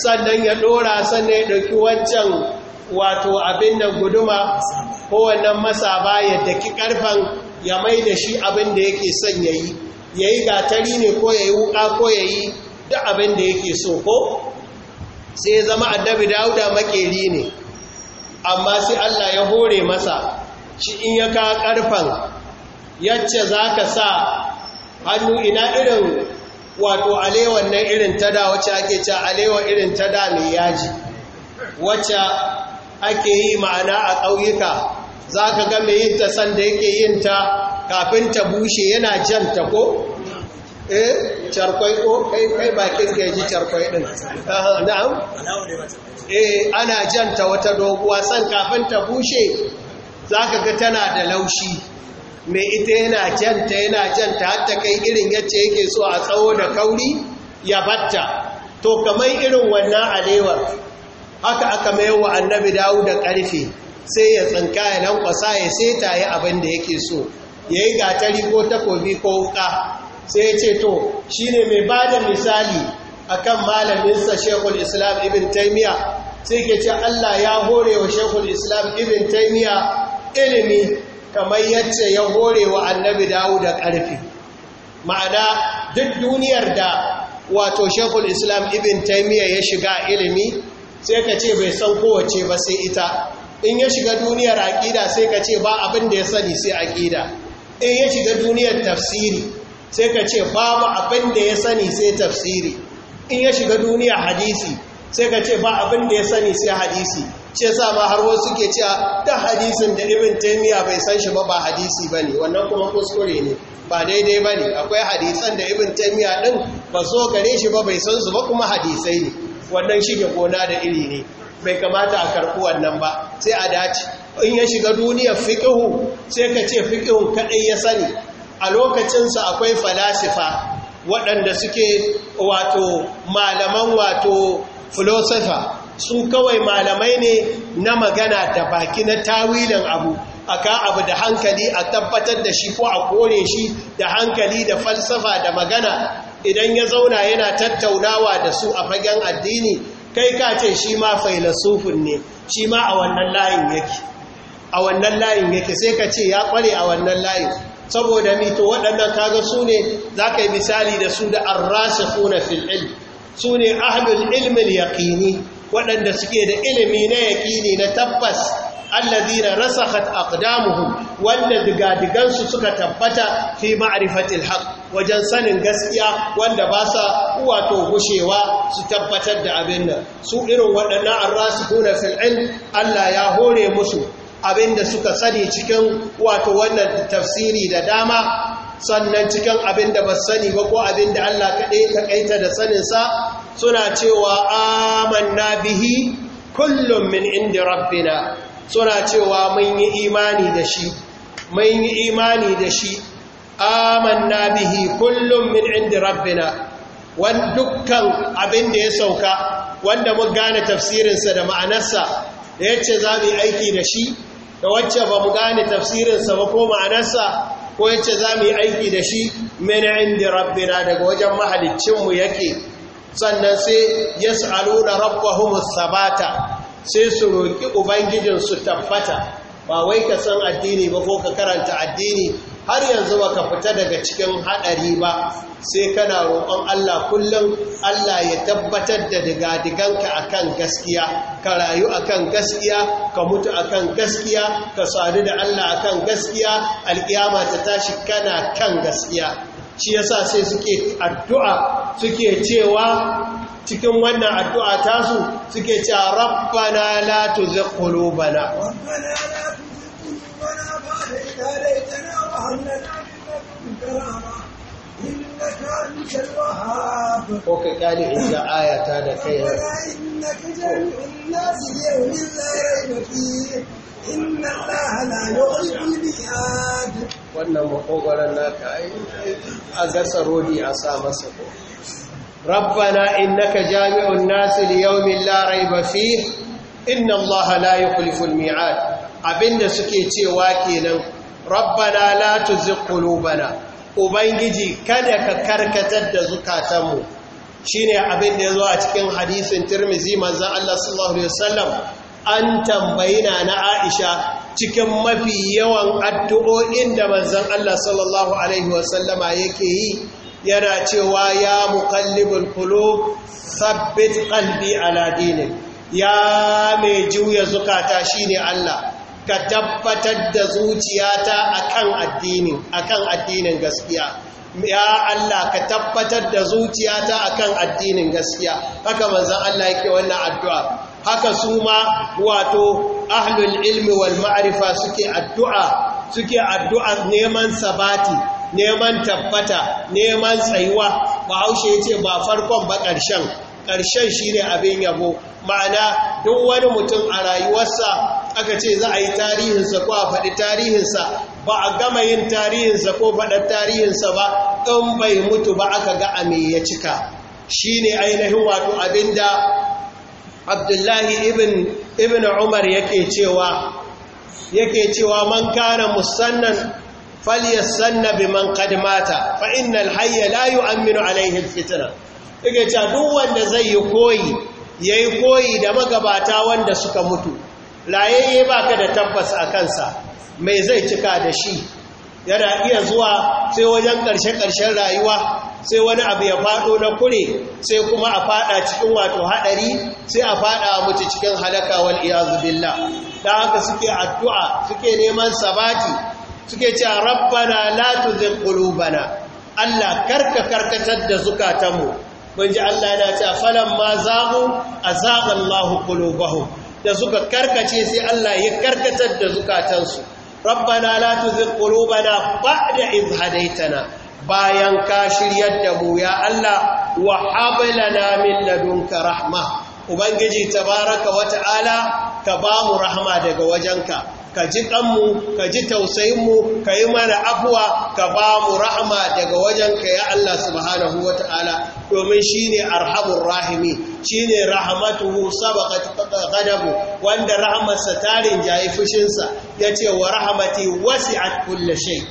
sannan ya ɗora sannan ya ɗauki wancan wato abin da guduma kowannan ba ya daki ƙarfan ya mai da shi abin da yake son ya yi ya yi gatari ne ko ya yi wuka ko ya yi duk abin da yake so ko sai zama da dauda makeri ne amma sai Allah ya hore masa shi in ya ka ƙarfan yacce za ka sa hannu ina irin wato alewan nan irin ta da wacce ake ce alewa irin ta da mai yaji wacce ake yi ma'ana a ƙauyuka za ka ga mai yin ta sanda yake yin ta kafin ta bushe yana jan ta ko eh charkwai ko kai kai bakin ka ji charkwai din na'am eh ana jan ta wata doguwa san kafin ta bushe za ka ga tana da laushi mai ita yana janta yana janta hatta kai irin yace yake so a tsawo da kauri ya batta to kamar irin wannan alewar haka aka mayar wa annabi dawo da ƙarfe sai ya tsinka ya lankwasa ya seta ya abin da yake so ya yi gatari ko takobi ko wuka sai ya ce to shi ne mai ba da misali a kan malaminsa shekul islam ibn taimiya sai ke ce allah ya hore wa shekul islam ibn taimiya ilimi kamar yacce ya hore wa annabi dawo da ƙarfi ma'ana duk duniyar da wato shekul islam ibn taimiyya ya shiga ilimi sai ka ce bai san kowace ba sai ita in ya shiga duniyar aƙida sai ka ce ba abin da ya sani sai aƙida in ya shiga duniyar tafsiri sai ka ce babu abin da ya sani sai tafsiri in ya shiga duniyar hadisi sai ka ce ba abin da ya sani sai hadisi ce sa ma har wasu ke cewa ta hadisin da ibn taymiya bai san shi ba ba hadisi bane wannan kuma kuskure ne ba daidai bane akwai hadisan da ibn taymiya din ba so gare shi ba bai san su ba kuma hadisai ne wannan shige gona da iri ne bai kamata a karɓi wannan ba sai a dace in ya shiga duniyar fiqhu sai ka ce fiqhu kadai ya sani a lokacinsa akwai falasifa waɗanda suke wato malaman wato philosopher su kawai malamai ne na magana ta baki na tawilin abu aka abu da hankali a tabbatar da shi ko a kore shi da hankali da falsafa da magana idan ya zauna yana tattaunawa da su a fagen addini kai ka ce shi ma failasufin ne shi ma a wannan layin yake a wannan layin yake sai ka ce ya kware a wannan layin saboda mito waɗannan kaga su ne za ka yi misali da su da arrasikhuna fil ilm su ne ahlul ilmin yaƙini. waɗanda suke da ilimi na yaƙini na tabbas allazina rasakhat aqdamuhum wanda digansu suka tabbata fi ma'rifatil haqq wajen sanin gaskiya wanda ba sa wato gushewa su tabbatar da abin nan su irin waɗannan arrasikuna fil ilm Allah ya hore musu abinda suka sani cikin wato wannan tafsiri da dama sannan cikin abin da ba sani ba ko abin da Allah kaɗai ta ƙaita da saninsa suna cewa na bihi kullum min indi rabbina suna cewa mun yi imani da shi mun yi imani da shi na bihi kullum min indi rabbina wani dukkan abin da ya sauka wanda mun gane tafsirinsa da ma'anarsa da yace za mu yi aiki da shi da wacce ba mu gane tafsirinsa ba ko ma'anarsa ko ya ce za mu yi aiki da shi mena inda rabbina daga wajen mahalicinmu yake sannan sai ya sa'alu da rabbahumus sabata sai su roƙi ubangijinsu tabbata ba wai ka san addini ba ko ka karanta addini har yanzu baka fita daga cikin haɗari ba sai kana roƙon Allah kullum Allah ya tabbatar da digadiganka akan gaskiya ka rayu akan gaskiya ka mutu akan gaskiya ka sadu da Allah akan gaskiya alƙiyama ta tashi kana kan gaskiya shi yasa sai suke addu'a suke cewa cikin wannan addu'a tasu suke cewa rabbana la tuzigh qulubana rabbana علينا ليتنا وهلنا da كرامة إنك أنت الوهاب أوكي قال a gasa rodi a sa masa ko rabbana innaka jami'un nasi li yawmin la rayba fihi inna allaha la yukhlifu al-mi'ad abinda suke cewa kenan rabbana la tuzigh qulubana ubangiji kada ka karkatar da zukatanmu shine abin da yazo a cikin hadisin Tirmidhi manzo Allah sallallahu alaihi wasallam an tambayina na Aisha cikin mafi yawan addu'o'in da manzo Allah sallallahu alaihi wasallama yake yi yana cewa ya muqallibul qulub thabbit qalbi ala dinik ya mai juya zukata shine Allah ka tabbatar da zuciyata akan addinin akan addinin gaskiya ya Allah ka tabbatar da zuciyata akan addinin gaskiya haka manzon Allah yake wannan addu'a haka su ma wato ahlul ilmi wal ma'rifa suke addu'a suke addu'a neman sabati neman tabbata neman tsayuwa ba haushe yace ba farkon ba ƙarshen ƙarshen shi ne abin yabo ma'ana duk wani mutum a rayuwarsa aka ce za a yi tarihinsa ko a faɗi tarihinsa ba a gama yin tarihinsa ko faɗar tarihinsa ba in bai mutu ba aka ga a me ya cika shi ne ainihin wato abin da abdullahi ibn umar yake cewa yake cewa man kana musannan falyasanna bi man qad mata fa innal hayya la yu'minu yake ca duk wanda zai yi koyi ya yi koyi da magabata wanda suka mutu layayye ka da tabbas a kansa mai zai cika da shi yana iya zuwa sai wajen ƙarshe-ƙarshen rayuwa sai wani abu ya faɗo na kure sai kuma a faɗa cikin wato haɗari sai a faɗa a mutu cikin halaka wal iyazu billa. da haka suke addu'a suke neman sabati suke ce rabbana la tuzigh qulubana Allah karka karkatar da zukatanmu mun ji Allah yana ma zaɓu a azagha Lahu qulubahum da suka karkace sai Allah ya karkatar da zukatansu rabbana la tuzigh qulubana ba'da idh hadaytana bayan ka shiryar da mu ya Allah wa hab lana min ladunka rahma ubangiji tabaaraka wa ta'ala ka ba mu rahma daga wajenka ka ji ɗanmu ka ji tausayinmu ka yi mana afuwa ka ba mu rahama daga wajenka ya Allah subhanahu wa ta'ala domin shi ne arhamun rahimi shi ne rahamatu sabakat gadabu wanda rahamarsa tarin jayi fushinsa ya ce wa rahamati wasi'at kulle shai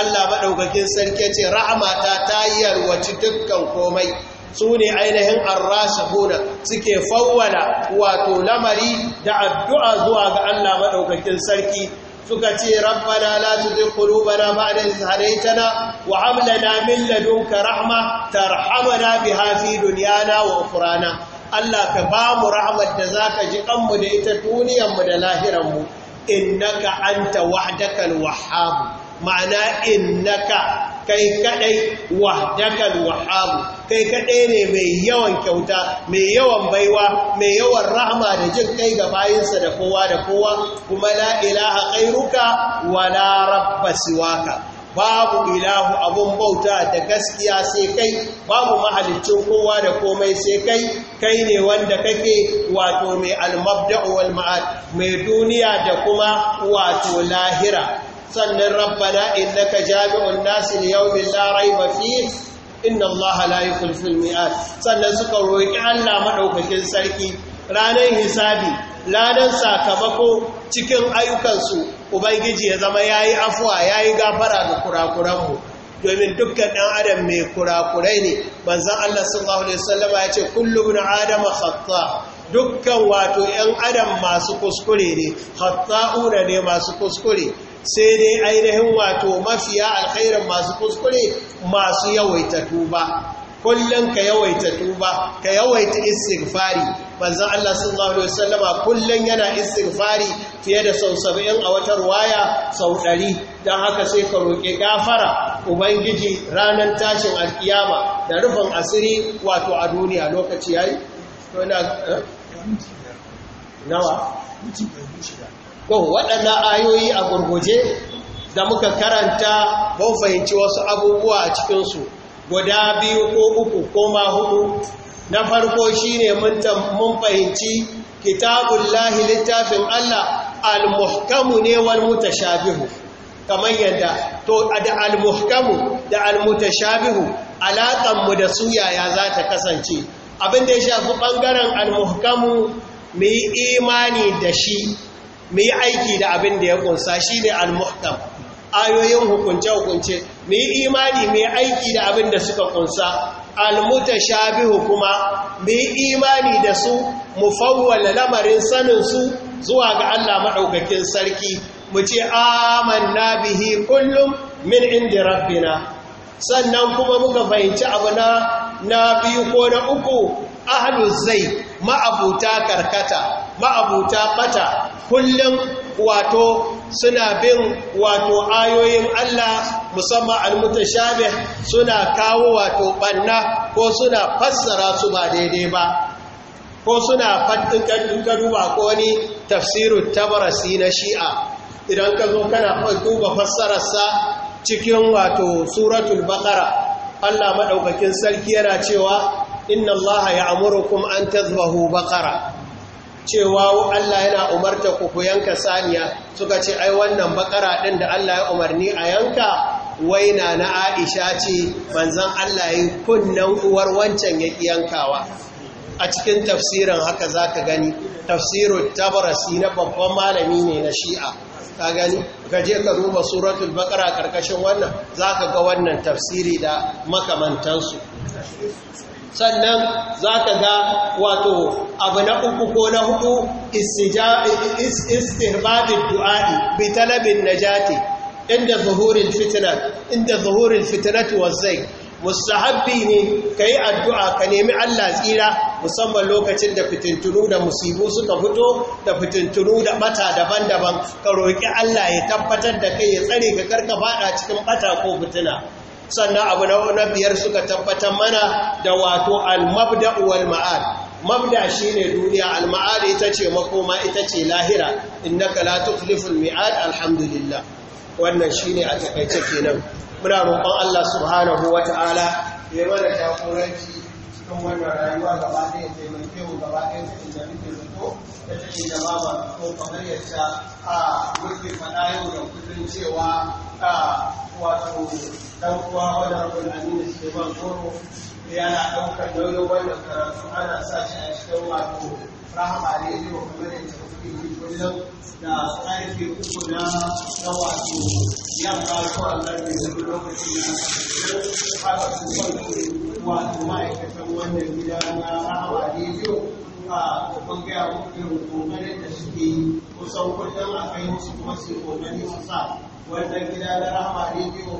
Allah maɗaukakin sarki ce rahamata ta yarwaci dukkan komai su ne ainihin arrashihuna suke fawwala wato lamari da addu'a zuwa ga Allah maɗaukakin sarki suka ce rabbana la tuzigh qulubana ba'da idh hadaytana wa hab lana min ladunka rahma tarhamna biha fi dunyana wa ukhrana Allah ka ba mu rahmat da zaka ji kanmu da ita duniyarmu da mu innaka anta wahdakal wahhab ma'ana innaka kai kadai wahdakal wahabu. kai kadai ne mai yawan kyauta mai yawan baiwa mai yawan rahma da jin kai ga bayinsa da kowa da kowa kuma la ilaha ghairuka wala rabba siwaka babu ilahu abun bauta da gaskiya sai kai babu mahalicin kowa da komai sai kai kai ne wanda kake wato mai almabda'u wal ma'ad mai duniya da kuma wato lahira sannan rabbana innaka jami'un nasi liyawmin la raiba fihi inna allaha la yukhliful mi'ad sannan suka roki Allah madaukakin sarki ranar hisabi ladan sakamako cikin ayyukansu ubangiji ya zama yayi afwa yayi gafara ga kurakuranmu domin dukkan ɗan adam mai kurakurai ne manzan Allah sallallahu Alaihi wasallama ya ce kullum na adama hatta dukkan wato ‘yan adam masu kuskure ne hatta'una ne masu kuskure sai dai ainihin wato mafiya alkhairin masu kuskure masu yawaita tuba kullum ka yawaita tuba ka yawaita istighfari manzon Allah sallallahu alaihi wasallama kullum yana istighfari fiye da sau 70 a wata ruwaya sau 100 dan haka sai ka roke gafara ubangiji ranar tashin alkiyama da rufin asiri wato a duniya lokaci yayi to ina eh? nawa ko waɗanda ayoyi a gurguje da muka karanta ban fahimci wasu abubuwa a cikinsu guda biyu ko uku ko ma hudu na farko shine mun fahimci kitabullahi littafin Allah al-muhkamu ne wal mutashabihu kamar yadda to da al-muhkamu da al-mutashabihu alaƙanmu da su yaya za ta kasance abin da ya shafi ɓangaren al-muhkamu mu imani da shi mu yi aiki da abin da ya kunsa shine al muhtam ayoyin hukunce hukunce mu yi imani mu yi aiki da abin da suka kunsa al-mutashabihu kuma mu yi imani da su mu fawwala lamarin sanin su zuwa ga Allah madaukakin sarki mu ce amanna bihi kullum min indi rabbina sannan kuma muka fahimci abu na na biyu ko na uku ahluz zai ma'abuta karkata ma'abuta bata kullum wato suna bin wato ayoyin Allah musamman al-mutashabih suna kawo wato banna ko suna fassara su ba daidai ba ko suna faɗin ka duba ko ni tabarasi na shi'a idan ka zo kana duba fassararsa cikin wato suratul baqara Allah madaukakin sarki yana cewa inna Allah ya'murukum an tazbahu baqara cewa Allah yana umarta ku ku yanka saniya suka ce ai wannan bakara din da Allah ya umarni a yanka Wai na Aisha ce manzon Allah yi kunnan uwar wancan ya yankawa a cikin tafsirin haka zaka gani tafsiru tabarasi na babban malami ne na Shi'a ka gani ka je ka duba suratul bakara karkashin wannan zaka ga wannan tafsiri da makamantansu sannan za ka ga wato abu na uku ko na hudu istihbabin du'a'i bi talabin najati inda zuhurin fitina inda zuhurin fitinatu wazzai mustahabbi ne ka yi addu'a ka nemi Allah tsira musamman lokacin da fitintunu da musibu suka fito da fitintunu da bata daban-daban ka roƙi Allah ya tabbatar da kai ya tsare ka karka fada cikin bata ko fitina sannan abu na biyar suka tabbatar mana da wato al-mabda wal ma'ad mabda shine duniya al-ma'ad ita ce makoma ita ce lahira innaka la tukhliful mi'ad alhamdulillah wannan shine a takaice kenan muna roƙon Allah subhanahu wata'ala ya mana jagoranci cikin wannan rayuwa gaba ɗaya taimake mu gaba ɗaya ta da muke zato ta take da ba ko kamar yadda a muke faɗa yau da kullum cewa wato dan uwa na rabin aminu yana dauka nauyin wanda karatu ana sa shi a cikin wato rahama rediyo kamar yadda kuke yi kullum da tsarki uku na na wato yamma ko alarmi wani lokaci na haka su kwanci wato ma'aikatan wannan gida na rahama rediyo a babban gaya muku irin kokarin da suke kusan kullum a kai musu kuma su kokari su sa wannan gida na rahama rediyo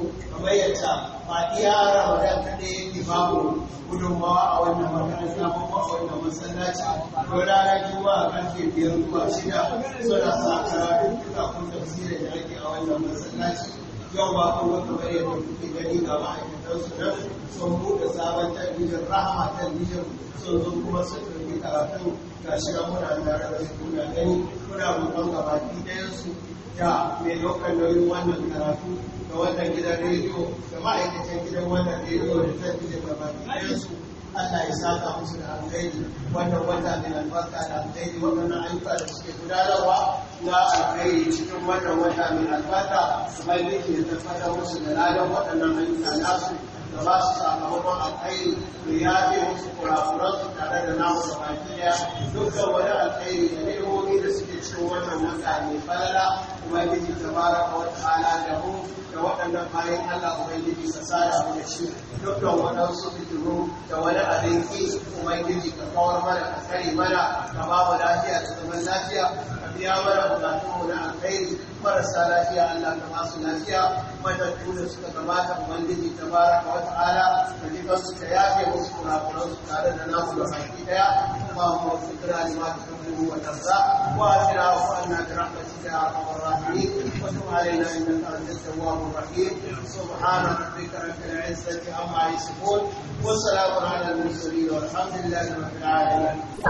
a yadda ba iya da kaɗe yake babu gudunmawa a wannan makaranta ko a wannan masallaci ko ranar kan karfe biyar zuwa shida suna sa karatu duka kun tafsirin da ake a wannan masallaci yau ba ko wata bari da kuke gani ga ma'aikatansu nan sun buɗe sabon talbijin rahama talbijin sun zo kuma sun ɗauki karatu ga shiga muna tare da su kuna gani kuna bukon gabaki ɗayansu da mai ɗaukar nauyin wannan karatu da wannan gidan rediyo da ma'aikacin gidan wannan rediyo da ta fi talabijin da bakiyansu Allah ya saka musu da alkhairi wannan wata mai albarka da alkhairi waɗannan ayyuka da suke gudanarwa na alkhairi cikin wannan wata mai albarka kamar yake ya tabbatar musu da ladan waɗannan ayyuka nasu da ba su sakamakon alkhairi da ya fi musu kurakuransu tare da namu da baki dukkan wani alkhairi da ne da suke fito wannan wata mai falala ubangiji tabaraka wa ta'ala da mu da waɗannan bayan Allah ubangiji ka sada mu da shi dukkan waɗansu fitiru da wani abin ki ubangiji ka kawar mana ka kare mana ka ba mu lafiya da zaman lafiya biya mana bukatunmu na alkhairi marasa lafiya Allah ka ba su lafiya matattu da suka gabata ubangiji ta baraka wa ta'ala ka ji su ta yafe musu kurakuran su tare da nasu da baki daya kuma mu fikira ne ma ta kuma wa tazza wa asira wa anna bi rahmatika ya arhamar rahimin wa tub alaina innaka antat tawwabur rahim subhana rabbika rabbil izzati amma yasifun wa salamun ala al mursalin walhamdulillahi rabbil alamin